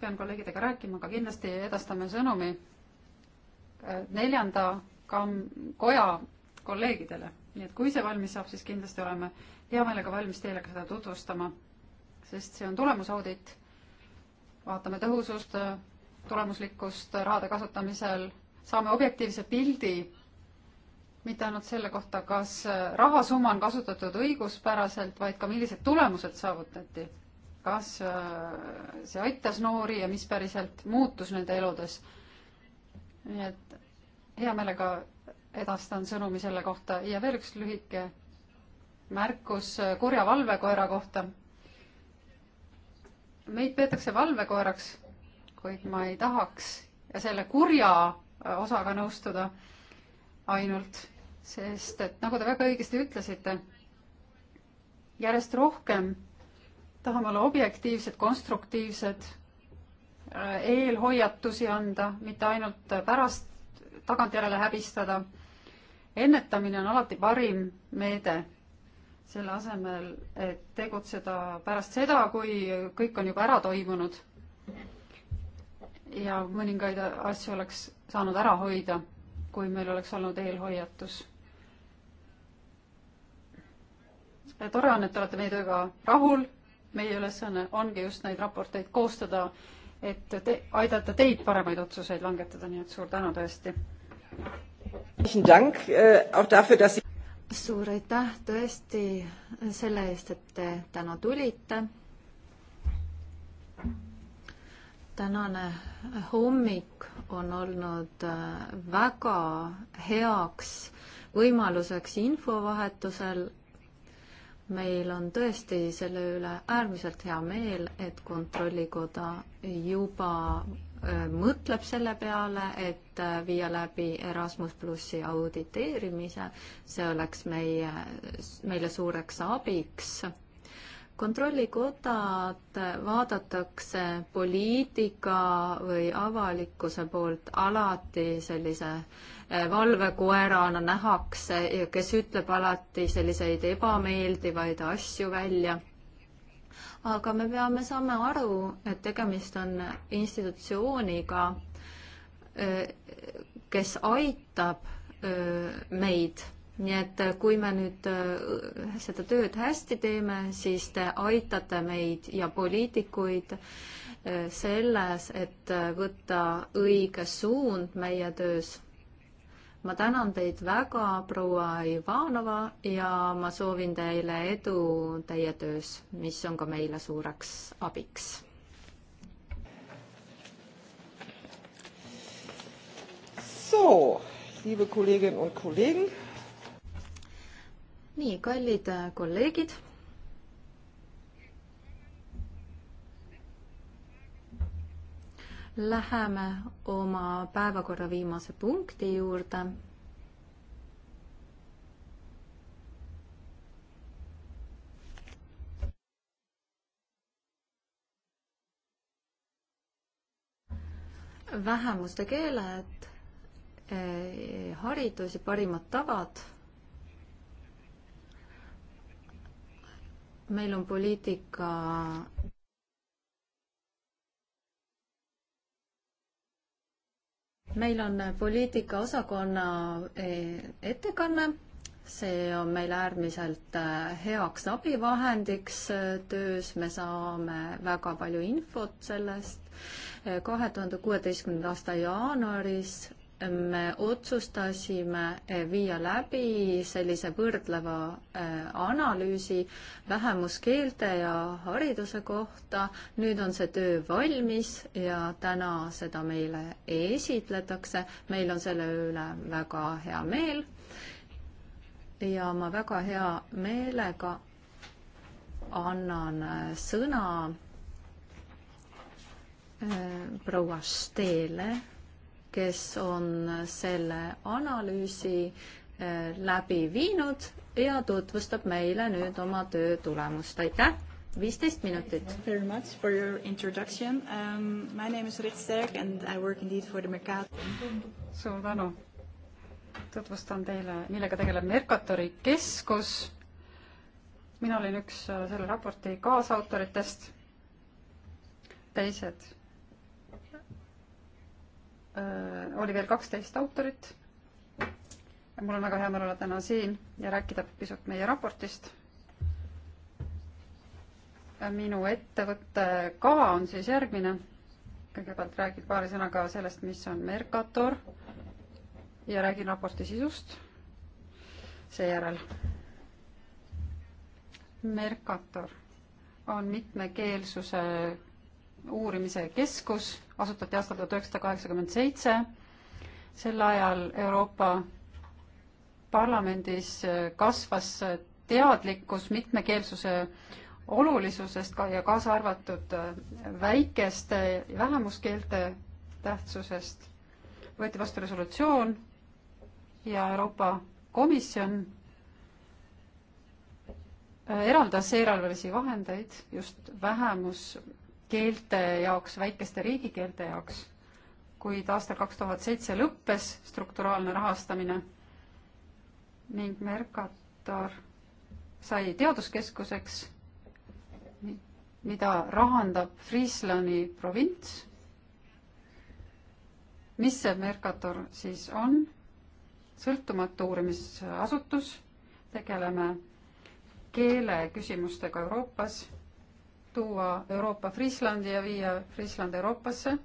pean kolleegidega rääkima, aga kindlasti edastame sõnumi äh, neljanda kam-, koja kolleegidele. nii et kui see valmis saab, siis kindlasti oleme hea meelega valmis teile ka seda tutvustama, sest see on tulemusaudit. vaatame tõhusust, tulemuslikkust rahade kasutamisel, saame objektiivse pildi mitte ainult selle kohta, kas rahasumma on kasutatud õiguspäraselt, vaid ka millised tulemused saavutati kas äh, see aitas noori ja mis päriselt muutus nende eludes. nii et hea meelega edastan sõnumi selle kohta ja veel üks lühike märkus kurja valvekoera kohta. meid peetakse valvekoeraks, kuid ma ei tahaks ja selle kurja osaga nõustuda ainult, sest et nagu te väga õigesti ütlesite, järjest rohkem tahame olla objektiivsed, konstruktiivsed, äh, eelhoiatusi anda, mitte ainult pärast tagantjärele häbistada. ennetamine on alati parim meede, selle asemel, et tegutseda pärast seda, kui kõik on juba ära toimunud. ja mõningaid asju oleks saanud ära hoida, kui meil oleks olnud eelhoiatus. tore on, et te olete meie tööga rahul meie ülesanne ongi just neid raporteid koostada, et te, aidata teid paremaid otsuseid langetada, nii et suur tänu tõesti. Äh, suur aitäh tõesti selle eest, et te täna tulite. tänane hommik on olnud äh, väga heaks võimaluseks infovahetusel meil on tõesti selle üle äärmiselt hea meel, et Kontrollikoda juba äh, mõtleb selle peale, et äh, viia läbi Erasmus plussi auditeerimise, see oleks meie, meile suureks abiks kontrollikodad vaadatakse poliitika või avalikkuse poolt alati sellise eh, valvekoerana nähakse ja kes ütleb alati selliseid ebameeldivaid asju välja. aga me peame, saame aru, et tegemist on institutsiooniga, eh, kes aitab eh, meid nii et äh, kui me nüüd äh, seda tööd hästi teeme, siis te aitate meid ja poliitikuid äh, selles, et võtta õige suund meie töös. ma tänan teid väga, proua Ivanova, ja ma soovin teile edu teie töös, mis on ka meile suureks abiks. So, liebe Kolleginnen und Kollegen, nii, kallid äh, kolleegid. Läheme oma päevakorra viimase punkti juurde vähemuste keeled, eh, haridus ja parimad tavad meil on poliitika meil on poliitikaosakonna e, ettekanne, see on meile äärmiselt e, heaks abivahendiks e, töös, me saame väga palju infot sellest. kahe tuhande kuueteistkümnenda aasta jaanuaris me otsustasime eh, viia läbi sellise võrdleva eh, analüüsi vähemuskeelte ja hariduse kohta. nüüd on see töö valmis ja täna seda meile esitletakse. meil on selle üle väga hea meel. ja ma väga hea meelega annan eh, sõna proua Steele kes on selle analüüsi eh, läbi viinud ja tutvustab meile nüüd oma töö tulemust, aitäh! viisteist minutit. Very much for your introduction um,. My name is Rit Sterk and I work indeed for the Mercator. suur tänu! tutvustan teile, millega tegeleb Mercatori keskus. mina olin üks äh, selle raporti kaasautoritest. teised Äh, oli veel kaksteist autorit. mul on väga hea meel olla täna siin ja rääkida pisut meie raportist. minu ettevõtte kava on siis järgmine. kõigepealt räägin paari sõnaga sellest, mis on Mercator ja räägin raporti sisust seejärel. Mercator on mitmekeelsuse uurimise keskus asutati aastal tuhat üheksasada kaheksakümmend seitse. sel ajal Euroopa Parlamendis äh, kasvas äh, teadlikkus mitmekeelsuse olulisusest ka ja kaasa arvatud äh, väikeste vähemuskeelte tähtsusest. võeti vastu resolutsioon ja Euroopa Komisjon eraldas eelarvelisi vahendeid just vähemus keelte jaoks, väikeste riigikeelte jaoks, kuid aastal kaks tuhat seitse lõppes strukturaalne rahastamine ning Mercator sai teaduskeskuseks, mida rahandab Friislani provints. mis see Mercator siis on? sõltumatu uurimisasutus, tegeleme keeleküsimustega Euroopas tuua Euroopa Frislandi ja viia Frisland Euroopasse.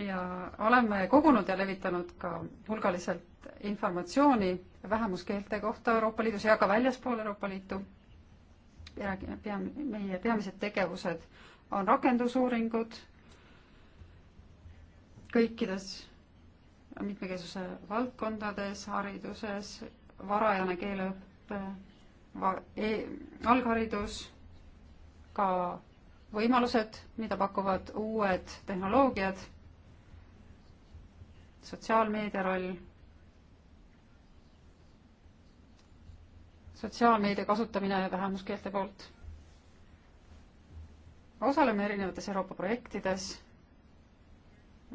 ja oleme kogunud ja levitanud ka hulgaliselt informatsiooni vähemuskeelte kohta Euroopa Liidus ja ka väljaspool Euroopa Liitu. räägime, peam-, meie peamised tegevused on rakendusuuringud kõikides mitmekesisuse valdkondades, hariduses, varajane keeleõpe, e algharidus, ka võimalused, mida pakuvad uued tehnoloogiad, sotsiaalmeedia roll, sotsiaalmeedia kasutamine vähemuskeelte poolt. osaleme erinevates Euroopa projektides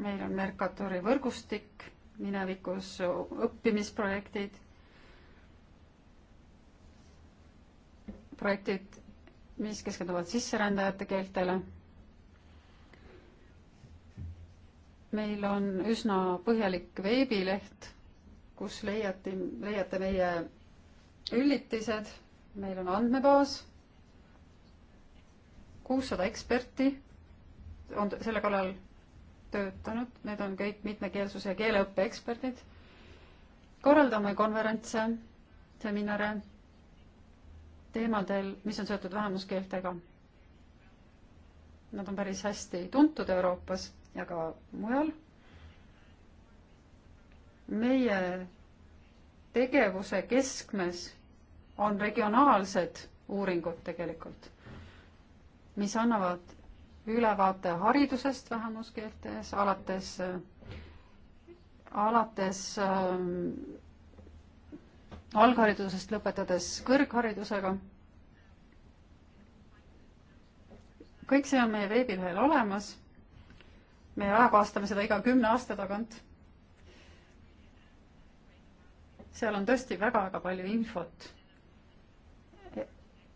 meil on Mercaturi võrgustik, minevikus õppimisprojektid, projektid, mis keskenduvad sisserändajate keeltele. meil on üsna põhjalik veebileht, kus leiate, leiate meie üllitised, meil on andmebaas, kuussada eksperti on selle kallal töötanud, need on kõik mitmekeelsuse ja keeleõppe eksperdid. korraldame konverentse, seminare teemadel, mis on seotud vähemuskeeltega. Nad on päris hästi tuntud Euroopas ja ka mujal. meie tegevuse keskmes on regionaalsed uuringud tegelikult, mis annavad ülevaate haridusest vähemuskeeltes, alates, alates äh, algharidusest lõpetades kõrgharidusega. kõik see on meie veebilehel olemas. me ajakohastame seda iga kümne aasta tagant. seal on tõesti väga-väga palju infot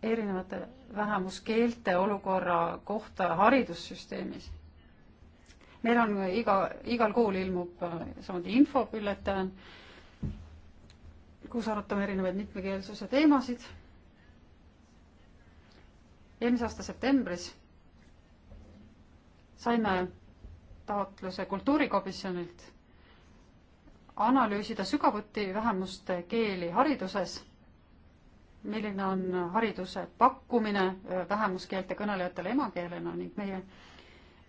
erinevate vähemuskeelte olukorra kohta haridussüsteemis. meil on iga, igal kuul ilmub äh, samuti infobülletään, kus arutame erinevaid mitmekeelsuse teemasid. eelmise aasta septembris saime taotluse kultuurikomisjonilt analüüsida sügavuti vähemuste keeli hariduses milline on hariduse pakkumine vähemuskeelte kõnelejatele emakeelena ning meie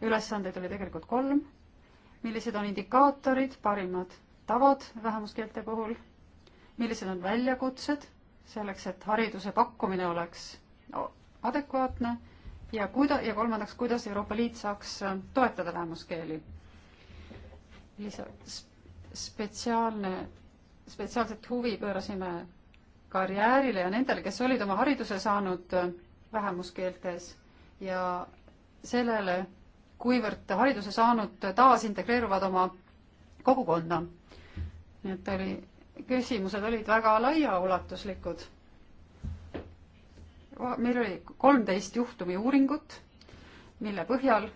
ülesandeid oli tegelikult kolm. millised on indikaatorid, parimad tavad vähemuskeelte puhul, millised on väljakutsed selleks, et hariduse pakkumine oleks adekvaatne ja kuida-, ja kolmandaks, kuidas Euroopa Liit saaks toetada vähemuskeeli. lisa-, spetsiaalne, spetsiaalset huvi pöörasime karjäärile ja nendele, kes olid oma hariduse saanud äh, vähemuskeeltes ja sellele, kuivõrd hariduse saanud äh, taasintegreeruvad oma kogukonda. nii et oli, küsimused olid väga laiaulatuslikud. meil oli kolmteist juhtumi uuringut, mille põhjal äh,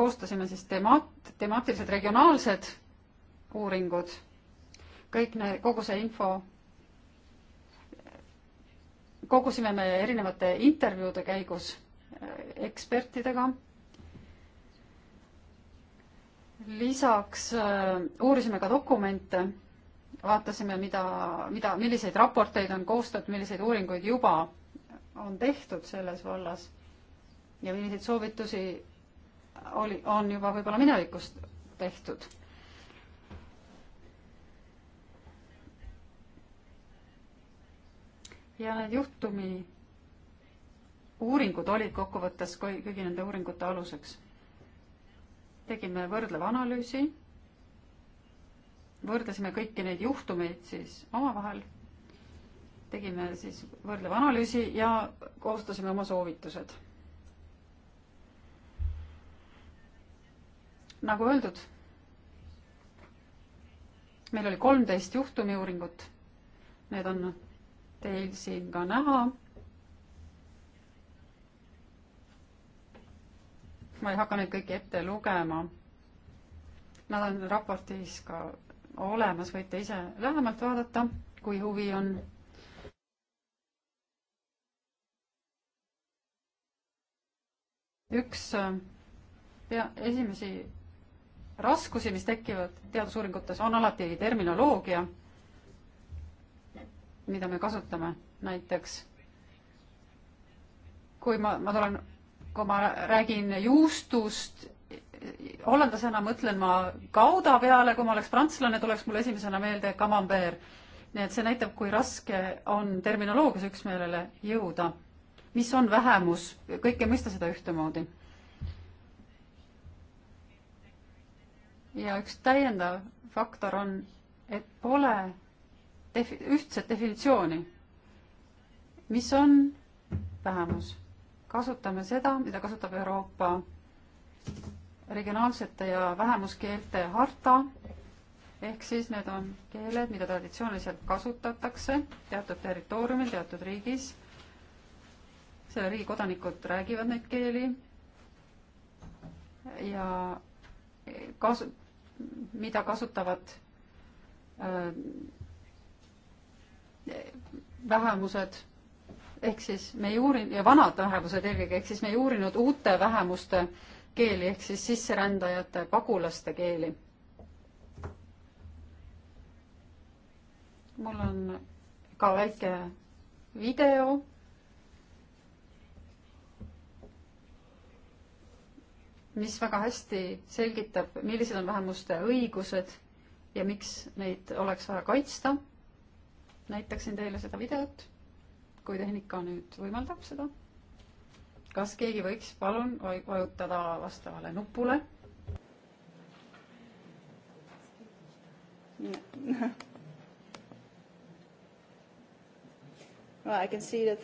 koostasime siis temat-, temaatilised regionaalsed uuringud kõik need, kogu see info kogusime me erinevate intervjuude käigus äh, ekspertidega. lisaks äh, uurisime ka dokumente, vaatasime, mida, mida, milliseid raporteid on koostatud, milliseid uuringuid juba on tehtud selles vallas ja milliseid soovitusi oli, on juba võib-olla minevikus tehtud ja need juhtumi uuringud olid kokkuvõttes kõigi nende uuringute aluseks. tegime võrdleva analüüsi, võrdlesime kõiki neid juhtumeid siis omavahel, tegime siis võrdleva analüüsi ja koostasime oma soovitused. nagu öeldud, meil oli kolmteist juhtumi uuringut, need on teil siin ka näha. ma ei hakka neid kõiki ette lugema. Nad on raportis ka olemas, võite ise lähemalt vaadata, kui huvi on üks äh, pea, esimesi raskusi, mis tekivad teadusuuringutes, on alati terminoloogia mida me kasutame, näiteks kui ma, ma tulen, kui ma räägin juustust, hollandlasena mõtlen ma kauda peale, kui ma oleks prantslane, tuleks mulle esimesena meelde camembert. nii et see näitab, kui raske on terminoloogias üksmeelele jõuda. mis on vähemus, kõik ei mõista seda ühtemoodi. ja üks täiendav faktor on, et pole defi-, ühtset definitsiooni, mis on vähemus. kasutame seda, mida kasutab Euroopa regionaalsete ja vähemuskeelte harta, ehk siis need on keeled, mida traditsiooniliselt kasutatakse teatud territooriumil, teatud riigis, selle riigi kodanikud räägivad neid keeli ja kasu-, mida kasutavad äh, vähemused ehk siis me ei uurinud, ja vanad vähemused eelkõige, ehk siis me ei uurinud uute vähemuste keeli ehk siis sisserändajate, pagulaste keeli. mul on ka väike video. mis väga hästi selgitab, millised on vähemuste õigused ja miks neid oleks vaja kaitsta näitaksin teile seda videot, kui tehnika nüüd võimaldab seda. kas keegi võiks palun vajutada vastavale nupule? <laughs> Well, I can see that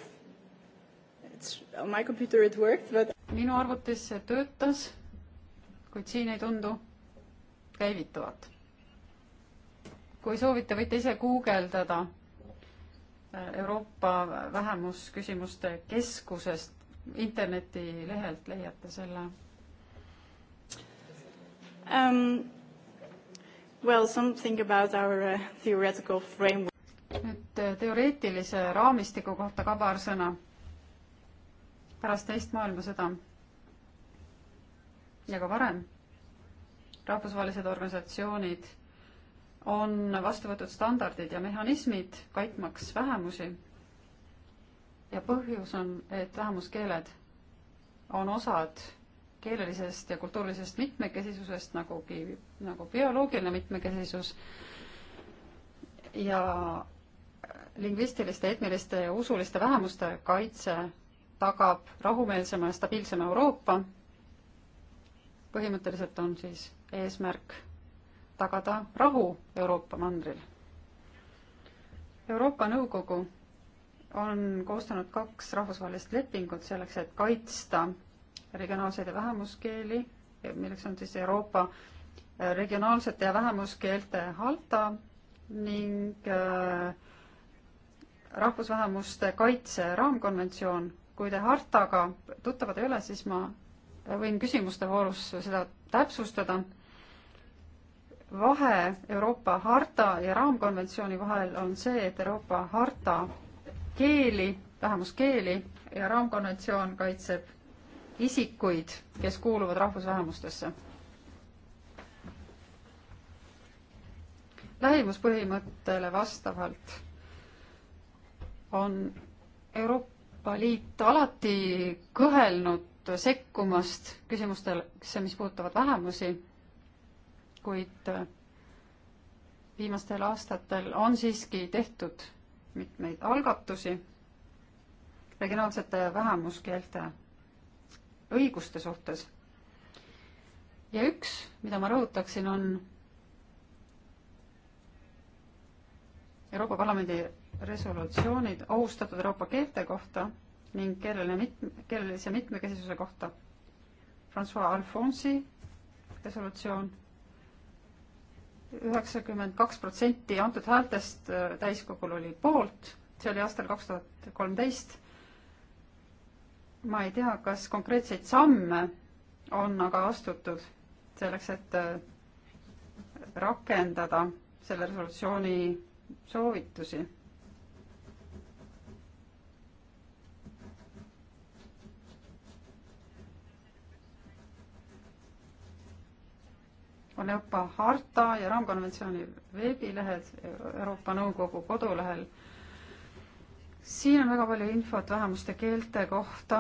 it's on my computer it worked, but minu arvutis see töötas, kuid siin ei tundu käivituvat. kui soovite, võite ise guugeldada Euroopa Vähemusküsimuste Keskusest internetilehelt leiate selle um,? Well, something about our uh, theoretical framework. nüüd uh, teoreetilise raamistiku kohta ka paar sõna. pärast teist maailmasõda ja ka varem rahvusvahelised organisatsioonid on vastu võetud standardid ja mehhanismid kaitmaks vähemusi. ja põhjus on, et vähemuskeeled on osad keelelisest ja kultuurilisest mitmekesisusest nagugi, nagu bioloogiline mitmekesisus ja lingvistiliste, etniliste ja usuliste vähemuste kaitse tagab rahumeelsema ja stabiilsema Euroopa. põhimõtteliselt on siis eesmärk tagada rahu Euroopa mandril. Euroopa Nõukogu on koostanud kaks rahvusvahelist lepingut selleks, et kaitsta regionaalseid ja vähemuskeeli, milleks on siis Euroopa äh, regionaalsete ja vähemuskeelte halta ning äh, rahvusvähemuste kaitse raamkonventsioon. kui te hartaga tuttavad ei ole, siis ma võin küsimuste voorus seda täpsustada vahe Euroopa harta ja raamkonventsiooni vahel on see, et Euroopa harta keeli, vähemuskeeli ja raamkonventsioon kaitseb isikuid, kes kuuluvad rahvusvähemustesse. lähimuspõhimõttele vastavalt on Euroopa Liit alati kõhelnud sekkumast küsimustesse, mis puudutavad vähemusi kuid äh, viimastel aastatel on siiski tehtud mitmeid algatusi regionaalsete vähemuskeelte õiguste suhtes. ja üks, mida ma rõhutaksin, on Euroopa Parlamendi resolutsioonid ohustatud Euroopa keelte kohta ning keeleline mit-, keelelise mitmekesisuse kohta. Francois Alfonsi resolutsioon üheksakümmend kaks protsenti antud häältest äh, täiskogul oli poolt, see oli aastal kaks tuhat kolmteist. ma ei tea, kas konkreetseid samme on aga astutud selleks, et äh, rakendada selle resolutsiooni soovitusi on Euroopa harta ja raamkonventsiooni veebilehed Euroopa Nõukogu kodulehel. siin on väga palju infot vähemuste keelte kohta,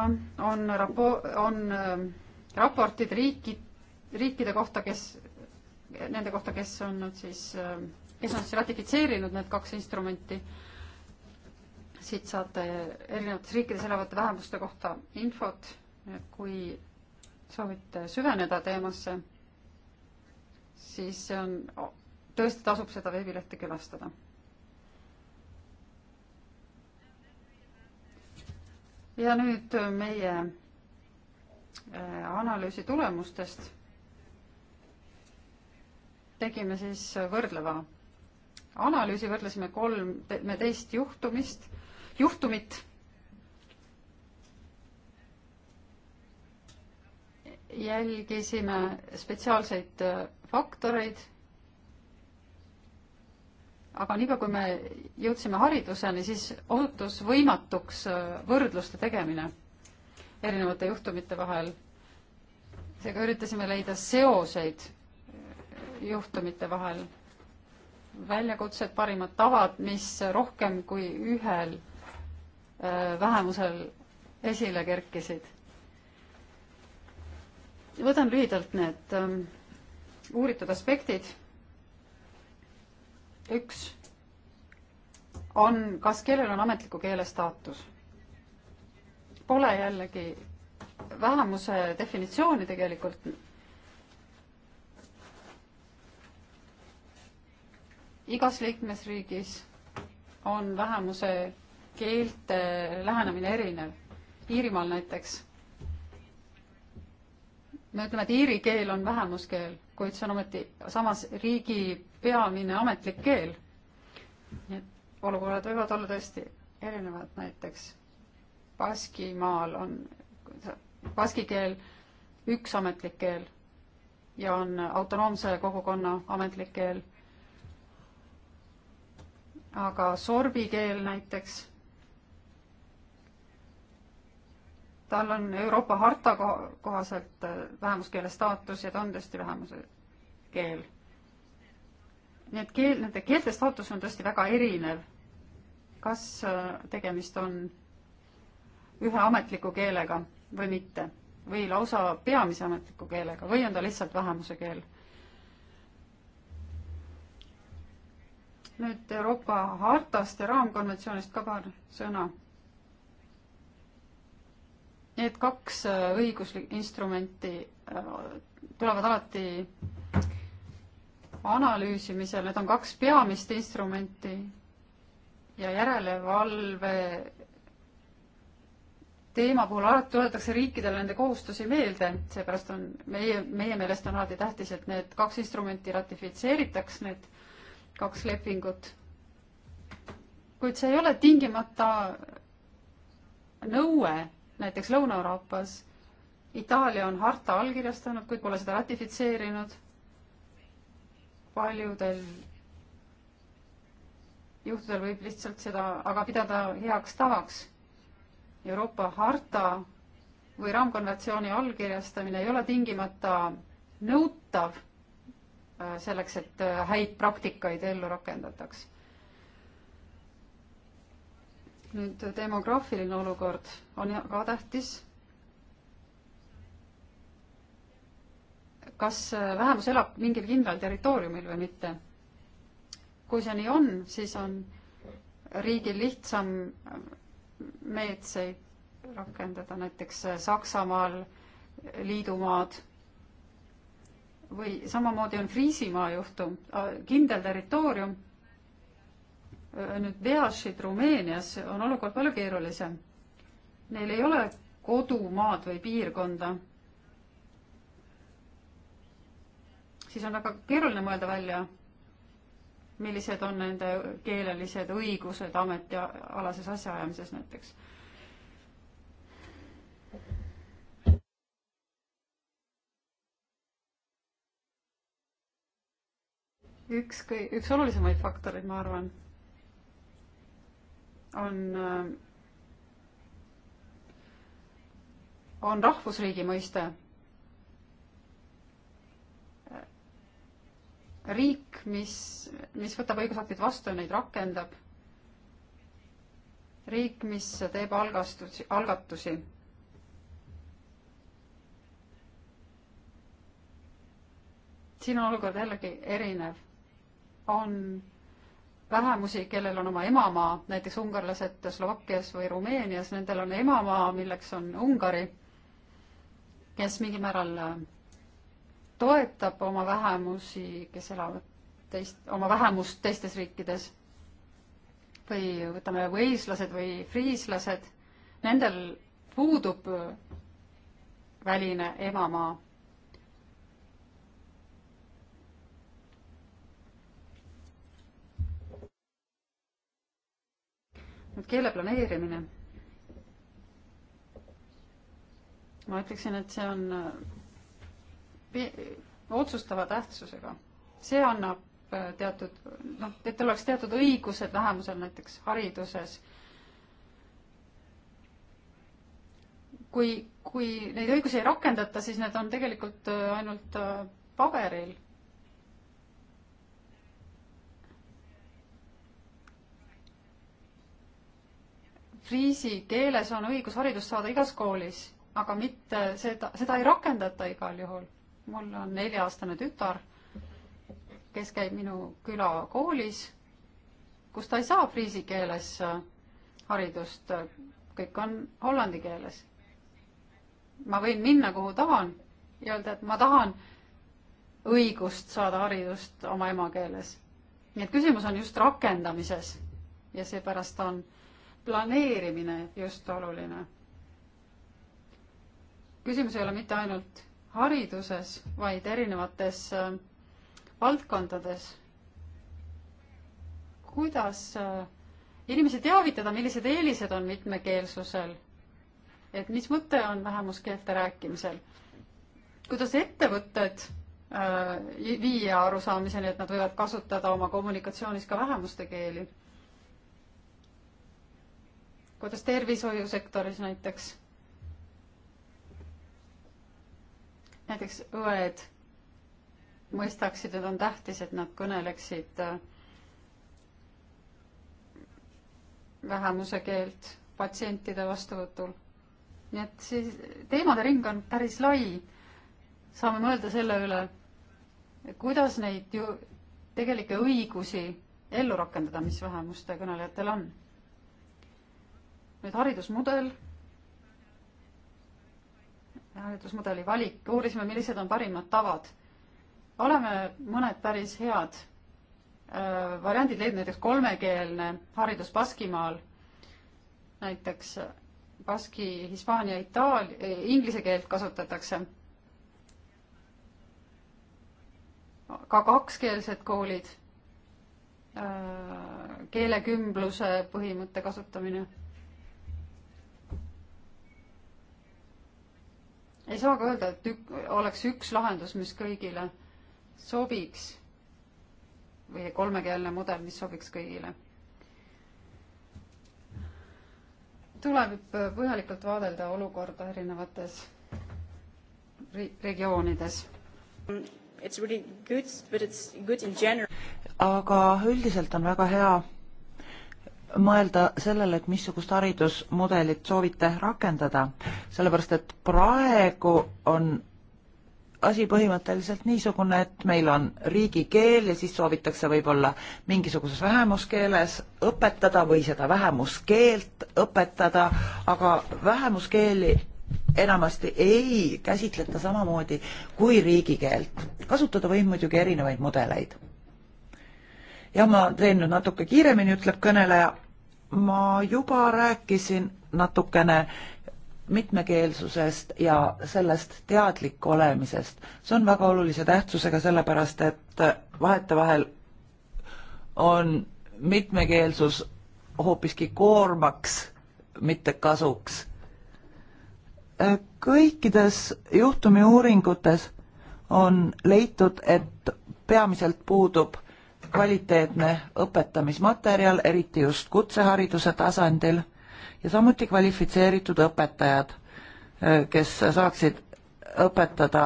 on rapo-, on äh, raportid riiki, riikide kohta, kes, nende kohta, kes on nüüd siis äh, kes on siis ratifitseerinud need kaks instrumenti. siit saate erinevates riikides elavate vähemuste kohta infot, kui soovite süveneda teemasse siis see on, tõesti tasub seda veebilehte külastada. ja nüüd meie äh, analüüsi tulemustest tegime siis võrdleva analüüsi, võrdlesime kolme teist juhtumist, juhtumit. jälgisime spetsiaalseid äh, faktoreid. aga niipea, kui me jõudsime hariduseni, siis osutus võimatuks äh, võrdluste tegemine erinevate juhtumite vahel. seega üritasime leida seoseid äh, juhtumite vahel, väljakutsed, parimad tavad, mis rohkem kui ühel äh, vähemusel esile kerkisid. võtan lühidalt need ähm, uuritud aspektid. üks on, kas keelel on ametliku keele staatus. Pole jällegi vähemuse definitsiooni tegelikult. igas liikmesriigis on vähemuse keelte lähenemine erinev. Iirimaal näiteks me ütleme, et iiri keel on vähemuskeel kuid see on ometi samas riigi peamine ametlik keel. nii et olukorrad võivad olla tõesti erinevad, näiteks Baskimaal on baski keel üks ametlik keel ja on autonoomse kogukonna ametlik keel. aga sorbi keel näiteks tal on Euroopa harta kohaselt äh, vähemuskeele staatus ja ta on tõesti vähemuse keel. nii et keel, nende keelte staatus on tõesti väga erinev. kas äh, tegemist on ühe ametliku keelega või mitte või lausa peamise ametliku keelega või on ta lihtsalt vähemuse keel? nüüd Euroopa hartast ja raamkonventsioonist ka paar sõna Need kaks äh, õigusinstrumenti äh, tulevad alati analüüsimisel, need on kaks peamist instrumenti ja järelevalve teema puhul alati tuletakse riikidele nende kohustusi meelde, seepärast on meie, meie meelest on alati tähtis, et need kaks instrumenti ratifitseeritaks, need kaks lepingut. kuid see ei ole tingimata nõue näiteks Lõuna-Euroopas. Itaalia on harta allkirjastanud, kuid pole seda ratifitseerinud. paljudel juhtudel võib lihtsalt seda aga pidada heaks tavaks. Euroopa harta või raamkonventsiooni allkirjastamine ei ole tingimata nõutav äh, selleks, et äh, häid praktikaid ellu rakendataks nüüd demograafiline olukord on ka tähtis. kas vähemus elab mingil kindlal territooriumil või mitte? kui see nii on, siis on riigil lihtsam meetseid rakendada, näiteks Saksamaal liidumaad või samamoodi on Friisimaa juhtum, äh, kindel territoorium nüüd Deašid Rumeenias, on olukord palju keerulisem. Neil ei ole kodumaad või piirkonda. siis on väga keeruline mõelda välja, millised on nende keelelised õigused ametialases asjaajamises näiteks üks, üks olulisemaid faktoreid, ma arvan on, äh, on rahvusriigi mõiste. riik, mis, mis võtab õigusaktid vastu ja neid rakendab. riik, mis teeb algastusi, algatusi siin on olukord jällegi erinev. on vähemusi, kellel on oma emamaa, näiteks ungarlased Slovakkias või Rumeenias, nendel on emamaa, milleks on Ungari, kes mingil määral äh, toetab oma vähemusi, kes elavad teist, oma vähemust teistes riikides. või võtame võislased nagu või friislased, nendel puudub äh, väline emamaa nüüd keele planeerimine. ma ütleksin, et see on äh, otsustava tähtsusega. see annab äh, teatud, noh, et oleks teatud õigused vähemusel näiteks hariduses. kui, kui neid õigusi ei rakendata, siis need on tegelikult äh, ainult paberil friisi keeles on õigus haridust saada igas koolis, aga mitte seda, seda ei rakendata igal juhul. mul on nelja-aastane tütar, kes käib minu küla koolis, kus ta ei saa friisi keeles äh, haridust, äh, kõik on hollandi keeles. ma võin minna, kuhu tahan ja öelda, et ma tahan õigust saada haridust oma emakeeles. nii et küsimus on just rakendamises ja seepärast on äh, planeerimine just oluline. küsimus ei ole mitte ainult hariduses, vaid erinevates äh, valdkondades. kuidas äh, inimesi teavitada, millised eelised on mitmekeelsusel? et mis mõte on vähemuskeelte rääkimisel? kuidas ettevõtted äh, viia arusaamiseni, et nad võivad kasutada oma kommunikatsioonis ka vähemuste keeli? kuidas tervishoiusektoris näiteks, näiteks õed mõistaksid, et on tähtis, et nad kõneleksid äh, vähemuse keelt patsientide vastuvõtul. nii et siis teemade ring on päris lai. saame mõelda selle üle, kuidas neid ju tegelikke õigusi ellu rakendada, mis vähemuste kõnelejatel on nüüd haridusmudel. haridusmudeli valik, uurisime, millised on parimad tavad. oleme mõned päris head äh, variandid leidnud, näiteks kolmekeelne haridus Baskimaal, näiteks äh, baski, hispaania, itaali- eh,, inglise keelt kasutatakse. ka kakskeelsed koolid äh,, keelekümbluse põhimõtte kasutamine ei saa ka öelda, et ük, oleks üks lahendus, mis kõigile sobiks või kolmekeelne mudel, mis sobiks kõigile. tuleb põhjalikult vaadelda olukorda erinevates regioonides. Really good, aga üldiselt on väga hea mõelda sellele, et missugust haridusmudelit soovite rakendada, sellepärast et praegu on asi põhimõtteliselt niisugune, et meil on riigikeel ja siis soovitakse võib-olla mingisuguses vähemuskeeles õpetada või seda vähemuskeelt õpetada, aga vähemuskeeli enamasti ei käsitleta samamoodi kui riigikeelt. kasutada võib muidugi erinevaid mudeleid ja ma teen nüüd natuke kiiremini, ütleb kõneleja. ma juba rääkisin natukene mitmekeelsusest ja sellest teadlik olemisest. see on väga olulise tähtsusega, sellepärast et vahetevahel on mitmekeelsus hoopiski koormaks, mitte kasuks. kõikides juhtumiuuringutes on leitud, et peamiselt puudub kvaliteetne õpetamismaterjal, eriti just kutsehariduse tasandil, ja samuti kvalifitseeritud õpetajad, äh, kes saaksid õpetada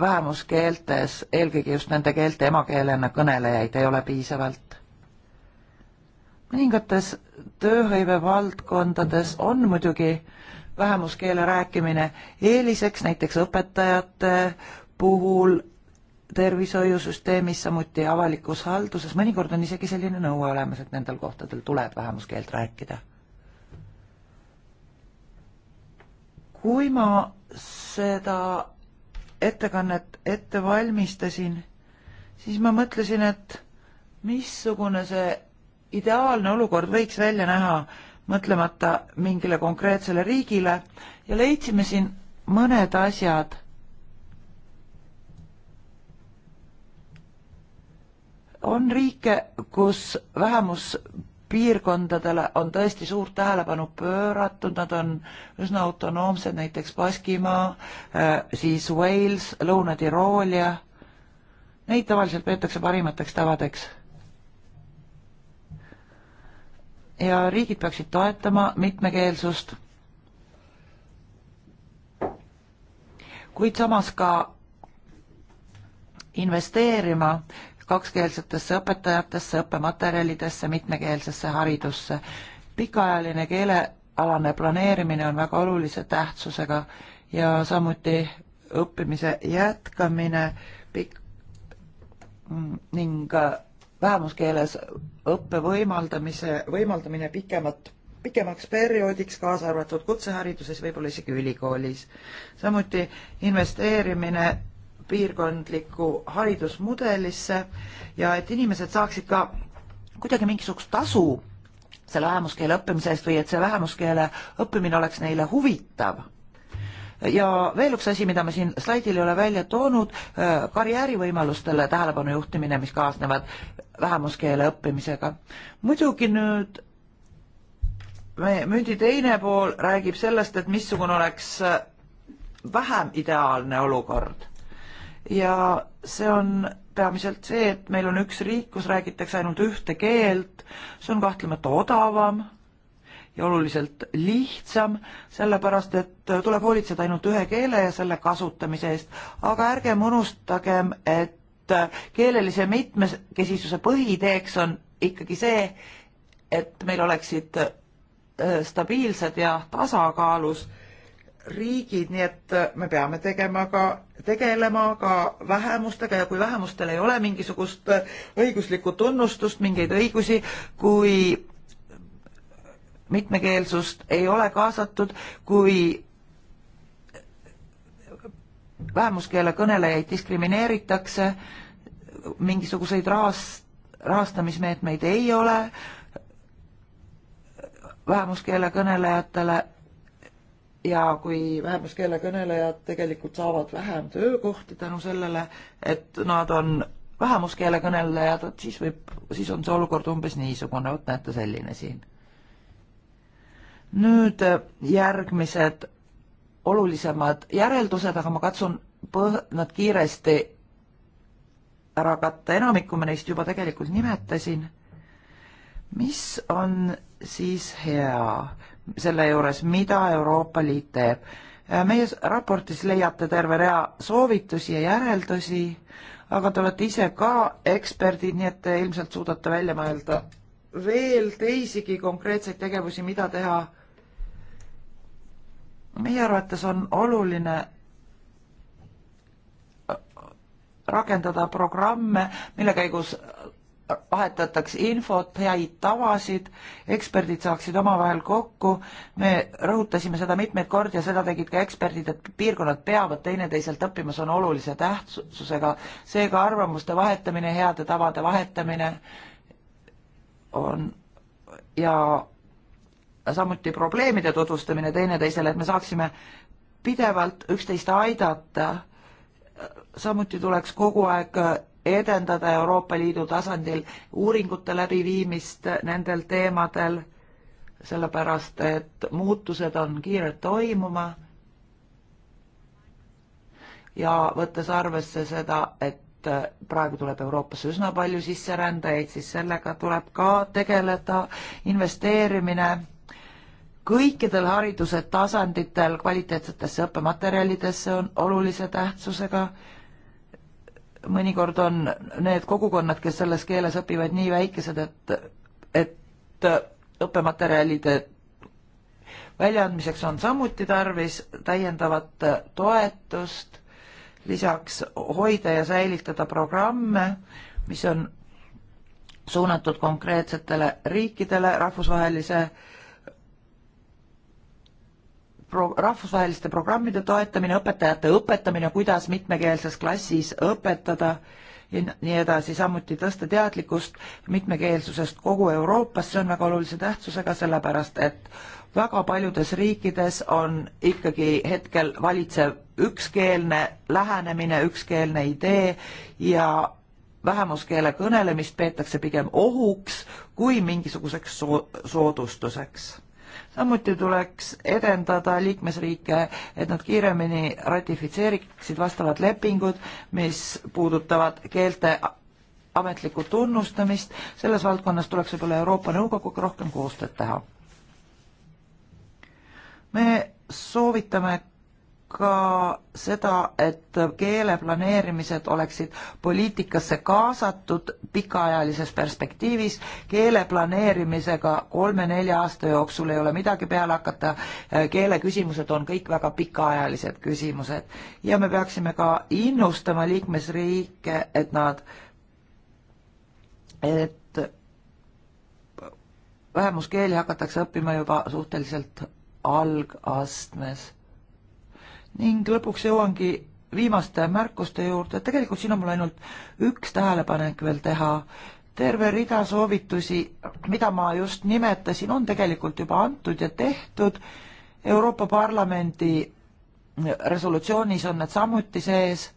vähemuskeeltes, eelkõige just nende keelte emakeelena kõnelejaid ei ole piisavalt. mõningates tööhõive valdkondades on muidugi vähemuskeele rääkimine eeliseks, näiteks õpetajate puhul tervishoiusüsteemis, samuti avalikus halduses, mõnikord on isegi selline nõue olemas, et nendel kohtadel tuleb vähemuskeelt rääkida. kui ma seda ettekannet ette valmistasin, siis ma mõtlesin, et missugune see ideaalne olukord võiks välja näha, mõtlemata mingile konkreetsele riigile ja leidsime siin mõned asjad on riike, kus vähemuspiirkondadele on tõesti suurt tähelepanu pööratud, nad on üsna autonoomsed, näiteks Baskimaa, äh, siis Wales, Lõuna-Tiroolia. Neid tavaliselt peetakse parimateks tavadeks. ja riigid peaksid toetama mitmekeelsust. kuid samas ka investeerima kakskeelsetesse õpetajatesse, õppematerjalidesse, mitmekeelsesse haridusse. pikaajaline keelealane planeerimine on väga olulise tähtsusega ja samuti õppimise jätkamine pikk ning vähemuskeeles õppe võimaldamise, võimaldamine pikemat, pikemaks perioodiks, kaasa arvatud kutsehariduses, võib-olla isegi ülikoolis. samuti investeerimine piirkondlikku haridusmudelisse ja et inimesed saaksid ka kuidagi mingisugust tasu selle vähemuskeele õppimise eest või et see vähemuskeele õppimine oleks neile huvitav. ja veel üks asi, mida ma siin slaidil ei ole välja toonud, äh, karjäärivõimalustele tähelepanu juhtimine, mis kaasnevad vähemuskeele õppimisega. muidugi nüüd mündi teine pool räägib sellest, et missugune oleks äh, vähem ideaalne olukord ja see on peamiselt see, et meil on üks riik, kus räägitakse ainult ühte keelt, see on kahtlemata odavam ja oluliselt lihtsam, sellepärast et tuleb hoolitseda ainult ühe keele ja selle kasutamise eest, aga ärgem unustagem, et keelelise mitmekesisuse põhiteeks on ikkagi see, et meil oleksid äh, stabiilsed ja tasakaalus riigid, nii et äh, me peame tegema ka, tegelema ka vähemustega ja kui vähemustel ei ole mingisugust äh, õiguslikku tunnustust, mingeid õigusi, kui mitmekeelsust ei ole kaasatud, kui vähemuskeele kõnelejaid diskrimineeritakse, mingisuguseid rahast-, rahastamismeetmeid ei ole vähemuskeele kõnelejatele ja kui vähemuskeele kõnelejad tegelikult saavad vähem töökohti tänu sellele, et nad on vähemuskeele kõnelejad, et siis võib, siis on see olukord umbes niisugune, vot näete, selline siin. nüüd äh, järgmised olulisemad järeldused, aga ma katsun põh-, nad kiiresti ära katta, enamikku ma neist juba tegelikult nimetasin. mis on siis hea, selle juures, mida Euroopa Liit teeb. meie raportis leiate terve rea soovitusi ja järeldusi, aga te olete ise ka eksperdid, nii et te ilmselt suudate välja mõelda veel teisigi konkreetseid tegevusi, mida teha. meie arvates on oluline äh, rakendada programme, mille käigus vahetataks infot, häid tavasid, eksperdid saaksid omavahel kokku, me rõhutasime seda mitmeid kordi ja seda tegid ka eksperdid, et piirkonnad peavad teineteiselt õppima, see on olulise tähtsusega, seega arvamuste vahetamine, heade tavade vahetamine on ja samuti probleemide tutvustamine teineteisele, et me saaksime pidevalt üksteist aidata, samuti tuleks kogu aeg edendada Euroopa Liidu tasandil uuringute läbiviimist nendel teemadel, sellepärast et muutused on kiirelt toimuma ja võttes arvesse seda, et praegu tuleb Euroopasse üsna palju sisserändajaid, siis sellega tuleb ka tegeleda, investeerimine kõikidel hariduse tasanditel kvaliteetsetesse õppematerjalidesse on olulise tähtsusega mõnikord on need kogukonnad, kes selles keeles õpivad, nii väikesed, et, et õppematerjalide väljaandmiseks on samuti tarvis täiendavat toetust, lisaks hoida ja säilitada programme, mis on suunatud konkreetsetele riikidele rahvusvahelise äh, pro-, rahvusvaheliste programmide toetamine, õpetajate õpetamine, kuidas mitmekeelses klassis õpetada ja nii edasi, samuti tõsta teadlikkust mitmekeelsusest kogu Euroopas, see on väga olulise tähtsusega, sellepärast et väga paljudes riikides on ikkagi hetkel valitsev ükskeelne lähenemine, ükskeelne idee ja vähemuskeele kõnelemist peetakse pigem ohuks kui mingisuguseks so soodustuseks samuti tuleks edendada liikmesriike, et nad kiiremini ratifitseeriksid vastavad lepingud, mis puudutavad keelte ametlikku tunnustamist, selles valdkonnas tuleks võib-olla Euroopa Nõukoguga rohkem koostööd teha. me soovitame ka seda, et keele planeerimised oleksid poliitikasse kaasatud pikaajalises perspektiivis. keele planeerimisega kolme-nelja aasta jooksul ei ole midagi peale hakata. keele küsimused on kõik väga pikaajalised küsimused ja me peaksime ka innustama liikmesriike, et nad, et vähemuskeeli hakatakse õppima juba suhteliselt algastmes ning lõpuks jõuangi viimaste märkuste juurde, tegelikult siin on mul ainult üks tähelepanek veel teha. terve rida soovitusi, mida ma just nimetasin, on tegelikult juba antud ja tehtud. Euroopa Parlamendi resolutsioonis on need samuti sees.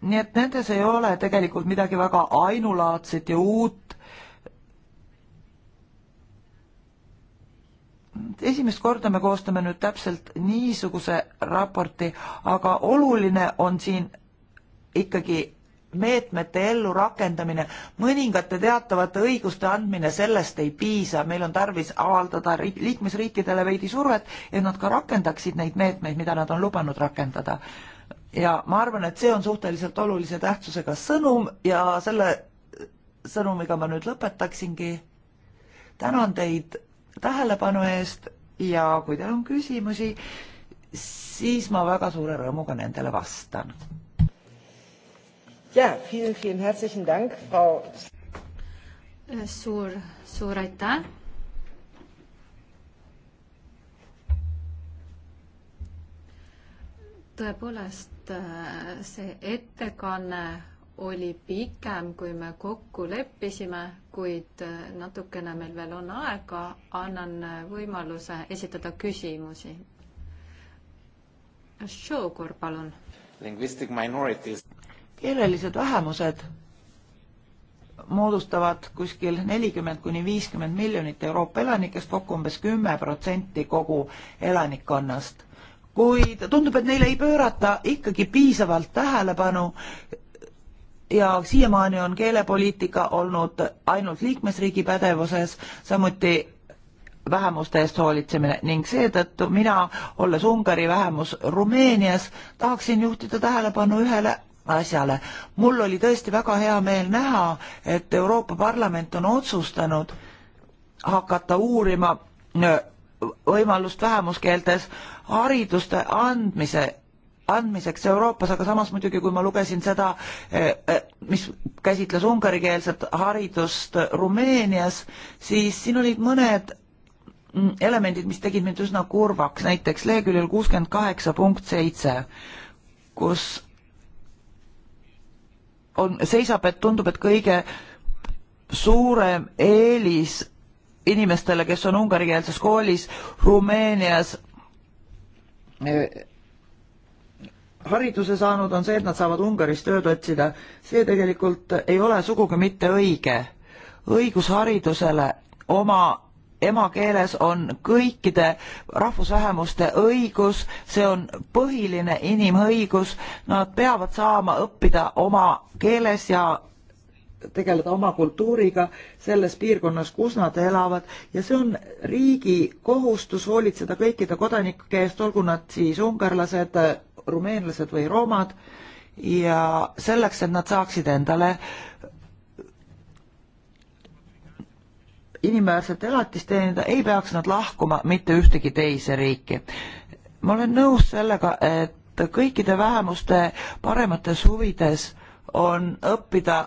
nii et nendes ei ole tegelikult midagi väga ainulaadset ja uut esimest korda me koostame nüüd täpselt niisuguse raporti, aga oluline on siin ikkagi meetmete ellurakendamine, mõningate teatavate õiguste andmine, sellest ei piisa, meil on tarvis avaldada liikmesriikidele veidi survet, et nad ka rakendaksid neid meetmeid, mida nad on lubanud rakendada. ja ma arvan, et see on suhteliselt olulise tähtsusega sõnum ja selle sõnumiga ma nüüd lõpetaksingi. tänan teid tähelepanu eest ja kui teil on küsimusi, siis ma väga suure rõõmuga nendele vastan. ja, suur, suur aitäh. tõepoolest, äh, see ettekanne oli pikem, kui me kokku leppisime, kuid äh, natukene meil veel on aega, annan äh, võimaluse esitada küsimusi. Šogur, palun. keelelised vähemused moodustavad kuskil nelikümmend kuni viiskümmend miljonit Euroopa elanikest, kokku umbes kümme protsenti kogu elanikkonnast kuid tundub, et neile ei pöörata ikkagi piisavalt tähelepanu ja siiamaani on keelepoliitika olnud ainult liikmesriigi pädevuses, samuti vähemuste eest hoolitsemine ning seetõttu mina, olles Ungari vähemus Rumeenias, tahaksin juhtida tähelepanu ühele asjale. mul oli tõesti väga hea meel näha, et Euroopa Parlament on otsustanud hakata uurima äh, võimalust vähemuskeeltes hariduste andmise andmiseks Euroopas, aga samas muidugi, kui ma lugesin seda, eh, eh, mis käsitles ungarikeelset haridust Rumeenias, siis siin olid mõned mm, elemendid, mis tegid mind üsna kurvaks, näiteks leheküljel kuuskümmend kaheksa punkt seitse, kus on, seisab, et tundub, et kõige suurem eelis inimestele, kes on ungarikeelses koolis Rumeenias eh, hariduse saanud, on see, et nad saavad Ungaris tööd otsida. see tegelikult ei ole sugugi mitte õige. õigus haridusele oma emakeeles on kõikide rahvusvähemuste õigus, see on põhiline inimõigus, nad peavad saama õppida oma keeles ja tegeleda oma kultuuriga selles piirkonnas, kus nad elavad ja see on riigi kohustus hoolitseda kõikide kodanike eest, olgu nad siis ungarlased, rumeenlased või roomad ja selleks, et nad saaksid endale inimväärset elatist teenida, ei peaks nad lahkuma mitte ühtegi teise riiki. ma olen nõus sellega, et kõikide vähemuste paremates huvides on õppida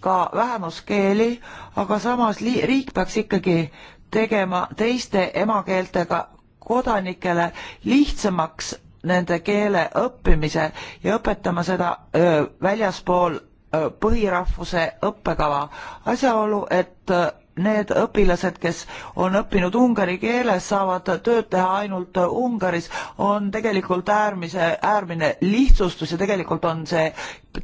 ka vähemuskeeli, aga samas riik peaks ikkagi tegema teiste emakeeltega kodanikele lihtsamaks nende keele õppimise ja õpetama seda öö, väljaspool öö, põhirahvuse õppekava. asjaolu, et öö, need õpilased, kes on õppinud ungari keeles, saavad tööd teha ainult Ungaris, on tegelikult äärmise, äärmine lihtsustus ja tegelikult on see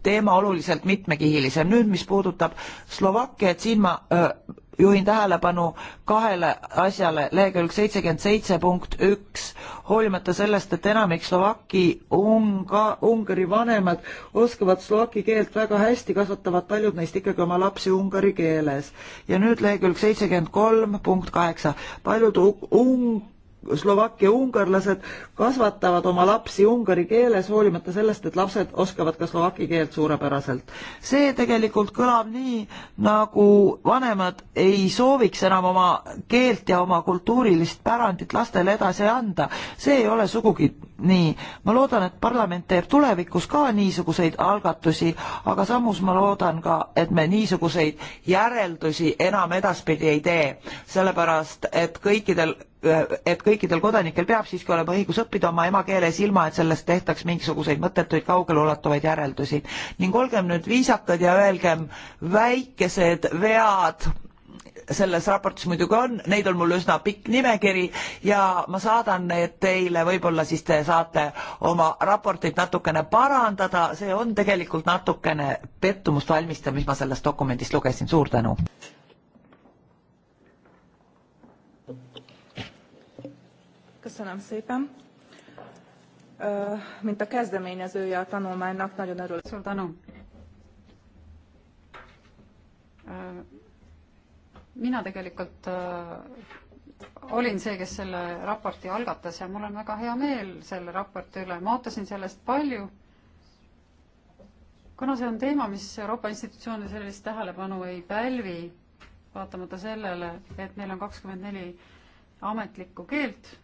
teema oluliselt mitmekihilisem. nüüd, mis puudutab Slovakkiat, siin ma öö, juhin tähelepanu kahele asjale, lehekülg seitsekümmend seitse punkt üks, hoolimata sellest, et enamik Slovaki, Unga, Ungari vanemad oskavad slovaki keelt väga hästi, kasvatavad paljud neist ikkagi oma lapsi ungari keeles. ja nüüd lehekülg seitsekümmend kolm punkt kaheksa, paljud Ung-, Slovakkia ungarlased kasvatavad oma lapsi ungari keeles, hoolimata sellest, et lapsed oskavad ka slovaki keelt suurepäraselt. see tegelikult kõlab nii, nagu vanemad ei sooviks enam oma keelt ja oma kultuurilist pärandit lastele edasi anda. see ei ole sugugi nii. ma loodan, et parlament teeb tulevikus ka niisuguseid algatusi, aga samus ma loodan ka, et me niisuguseid järeldusi enam edaspidi ei tee, sellepärast et kõikidel et kõikidel kodanikel peab siiski olema õigus õppida oma emakeeles, ilma et sellest tehtaks mingisuguseid mõttetuid kaugeleulatuvaid järeldusi. ning olgem nüüd viisakad ja öelgem väikesed vead, selles raportis muidugi on, neid on mul üsna pikk nimekiri ja ma saadan need teile, võib-olla siis te saate oma raportit natukene parandada, see on tegelikult natukene pettumust valmistav, mis ma sellest dokumendist lugesin, suur tänu! Köszönöm szépen. Mint a kezdeményezője a tanulmánynak, nagyon örülök. Suur tänu. mina tegelikult olin see, kes selle raporti algatas ja mul on väga hea meel selle raporti üle, ma ootasin sellest palju. kuna see on teema, mis Euroopa institutsioonide sellist tähelepanu ei pälvi, vaatamata sellele, et meil on kakskümmend neli ametlikku keelt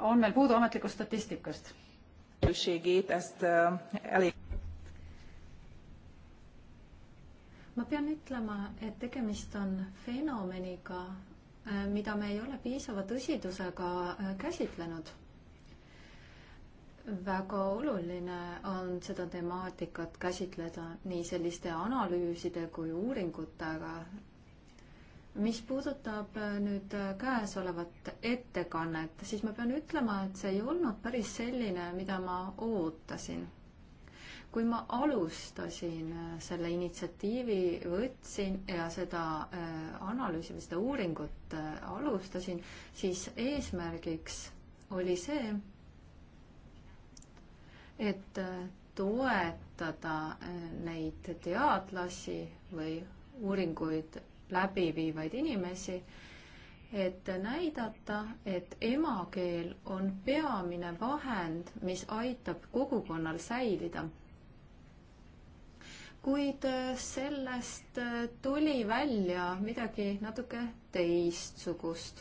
on meil puudu ametlikust statistikast. Eh, ma pean ütlema, et tegemist on fenomeniga, eh, mida me ei ole piisava tõsidusega eh, käsitlenud. väga oluline on seda temaatikat käsitleda nii selliste analüüside kui uuringutega, mis puudutab äh, nüüd äh, käesolevat ettekannet, siis ma pean ütlema, et see ei olnud päris selline, mida ma ootasin. kui ma alustasin äh, selle initsiatiivi, võtsin ja seda analüüsi või seda uuringut alustasin, siis eesmärgiks oli see, et toetada neid teadlasi või uuringuid läbi viivaid inimesi, et näidata, et emakeel on peamine vahend, mis aitab kogukonnal säilida. kuid äh, sellest äh, tuli välja midagi natuke teistsugust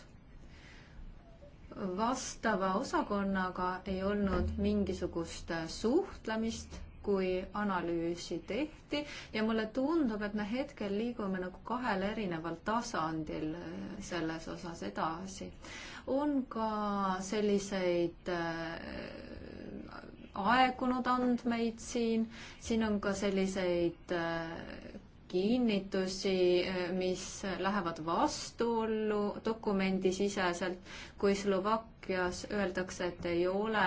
vastava osakonnaga ei olnud mingisugust äh, suhtlemist kui analüüsi tehti ja mulle tundub, et me hetkel liigume nagu kahel erineval tasandil eh, selles osas edasi. on ka selliseid eh, aegunud andmeid siin, siin on ka selliseid eh, kinnitusi, mis lähevad vastuollu dokumendisiseselt, kui Slovakkias öeldakse, et ei ole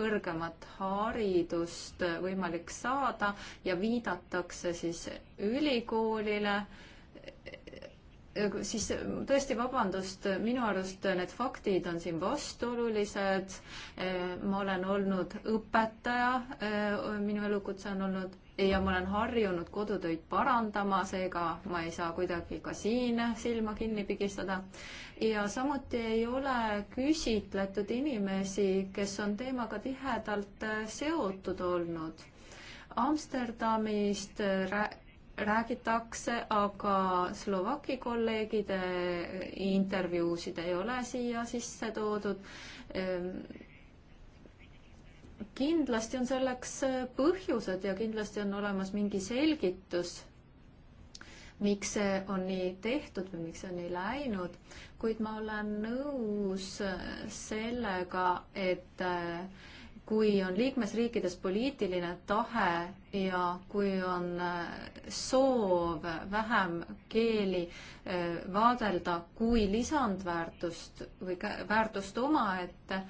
kõrgemat haridust võimalik saada ja viidatakse siis ülikoolile, siis tõesti, vabandust, minu arust need faktid on siin vastuolulised. ma olen olnud õpetaja, minu elukutse on olnud ja ma olen harjunud kodutöid parandama, seega ma ei saa kuidagi ka siin silma kinni pigistada. ja samuti ei ole küsitletud inimesi, kes on teemaga tihedalt seotud olnud. Amsterdamist rää-, räägitakse, aga Slovaki kolleegide intervjuusid ei ole siia sisse toodud ehm, kindlasti on selleks äh, põhjused ja kindlasti on olemas mingi selgitus, miks see on nii tehtud või miks see on nii läinud, kuid ma olen nõus äh, sellega, et äh, kui on liikmesriikides poliitiline tahe ja kui on soov vähem keeli vaadelda kui lisandväärtust või väärtust omaette,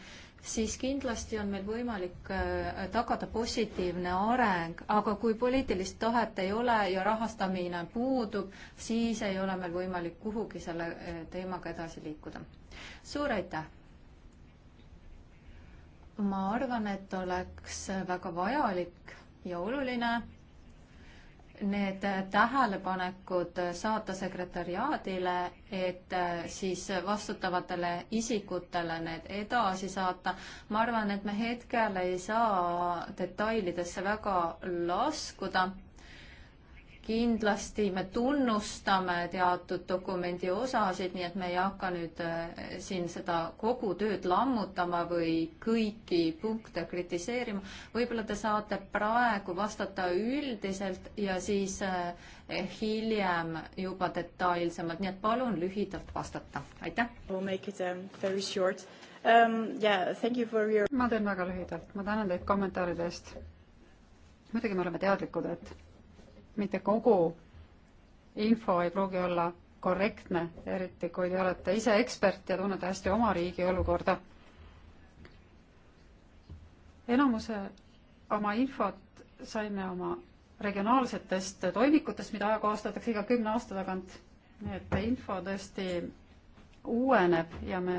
siis kindlasti on meil võimalik äh, tagada positiivne areng, aga kui poliitilist tahet ei ole ja rahastamine puudub, siis ei ole meil võimalik kuhugi selle äh, teemaga edasi liikuda. suur aitäh! ma arvan, et oleks väga vajalik ja oluline need tähelepanekud saata sekretariaadile, et äh, siis vastutavatele isikutele need edasi saata. ma arvan, et me hetkel ei saa detailidesse väga laskuda kindlasti me tunnustame teatud dokumendi osasid, nii et me ei hakka nüüd äh, siin seda kogu tööd lammutama või kõiki punkte kritiseerima. võib-olla te saate praegu vastata üldiselt ja siis äh, hiljem juba detailsemalt, nii et palun lühidalt vastata, aitäh. Um, um, yeah, your... ma teen väga lühidalt, ma tänan teid kommentaaride eest. muidugi me oleme teadlikud, et mitte kogu info ei pruugi olla korrektne, eriti kui te olete ise ekspert ja tunnete hästi oma riigi olukorda. enamuse oma infot saime oma regionaalsetest toimikutest, mida ajakohastatakse iga kümne aasta tagant. nii et info tõesti uueneb ja me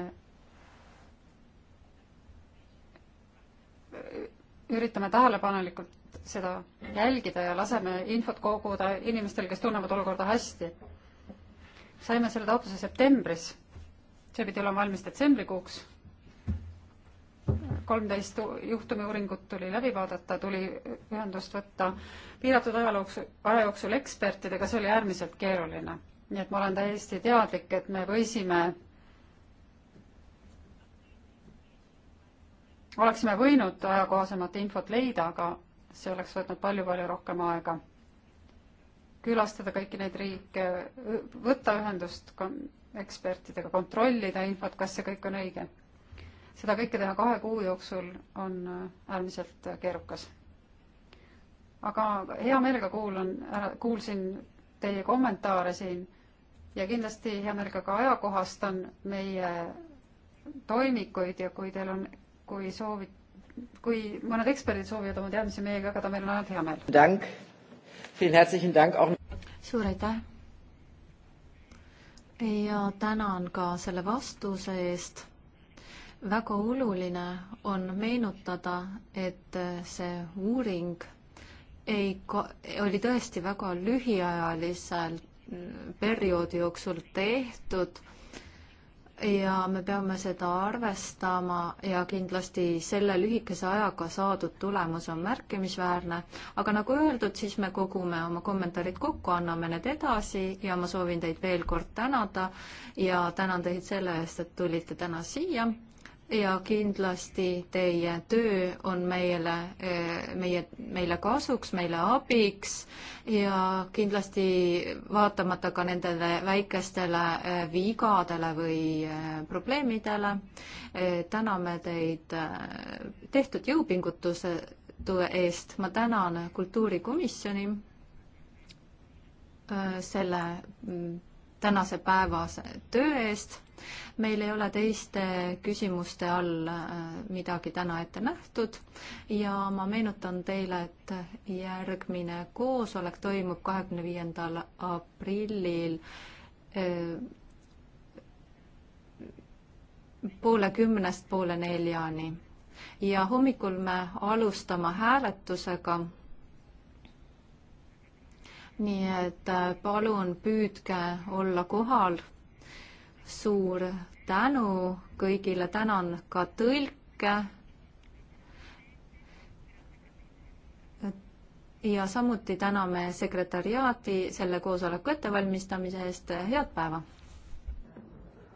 üritame tähelepanelikult seda jälgida ja laseme infot koguda inimestel, kes tunnevad olukorda hästi. saime selle taotluse septembris, see pidi olema valmis detsembrikuuks. kolmteist juhtumiuuringut tuli läbi vaadata, tuli ühendust võtta piiratud aja jooksul, aja jooksul ekspertidega, see oli äärmiselt keeruline. nii et ma olen täiesti teadlik, et me võisime oleksime võinud ajakohasemat infot leida, aga see oleks võtnud palju-palju rohkem aega. külastada kõiki neid riike, võtta ühendust ekspertidega, kontrollida infot, kas see kõik on õige. seda kõike teha kahe kuu jooksul on äh, äärmiselt äh, keerukas. aga hea meelega kuulan, kuulsin teie kommentaare siin ja kindlasti hea meelega ka ajakohastan meie toimikuid ja kui teil on, kui soovite, kui mõned eksperdid soovivad oma teadmisi meiega jagada, meil on ainult hea meel. suur aitäh! ja tänan ka selle vastuse eest. väga oluline on meenutada, et see uuring ei, oli tõesti väga lühiajaliselt perioodi jooksul tehtud ja me peame seda arvestama ja kindlasti selle lühikese ajaga saadud tulemus on märkimisväärne. aga nagu öeldud, siis me kogume oma kommentaarid kokku, anname need edasi ja ma soovin teid veel kord tänada ja tänan teid selle eest, et tulite täna siia ja kindlasti teie töö on meile, eh, meie, meile kasuks, meile abiks ja kindlasti vaatamata ka nendele väikestele eh, vigadele või eh, probleemidele, täname teid tehtud jõupingutuse eest, ma tänan kultuurikomisjoni selle mm, tänase päevase töö eest. meil ei ole teiste küsimuste all äh, midagi täna ette nähtud ja ma meenutan teile, et järgmine koosolek toimub kahekümne viiendal aprillil äh, poole kümnest poole neljani ja hommikul me alustame hääletusega nii et äh, palun püüdke olla kohal. suur tänu kõigile, tänan ka tõlke. ja samuti täname sekretäriaati selle koosoleku ettevalmistamise eest, head päeva!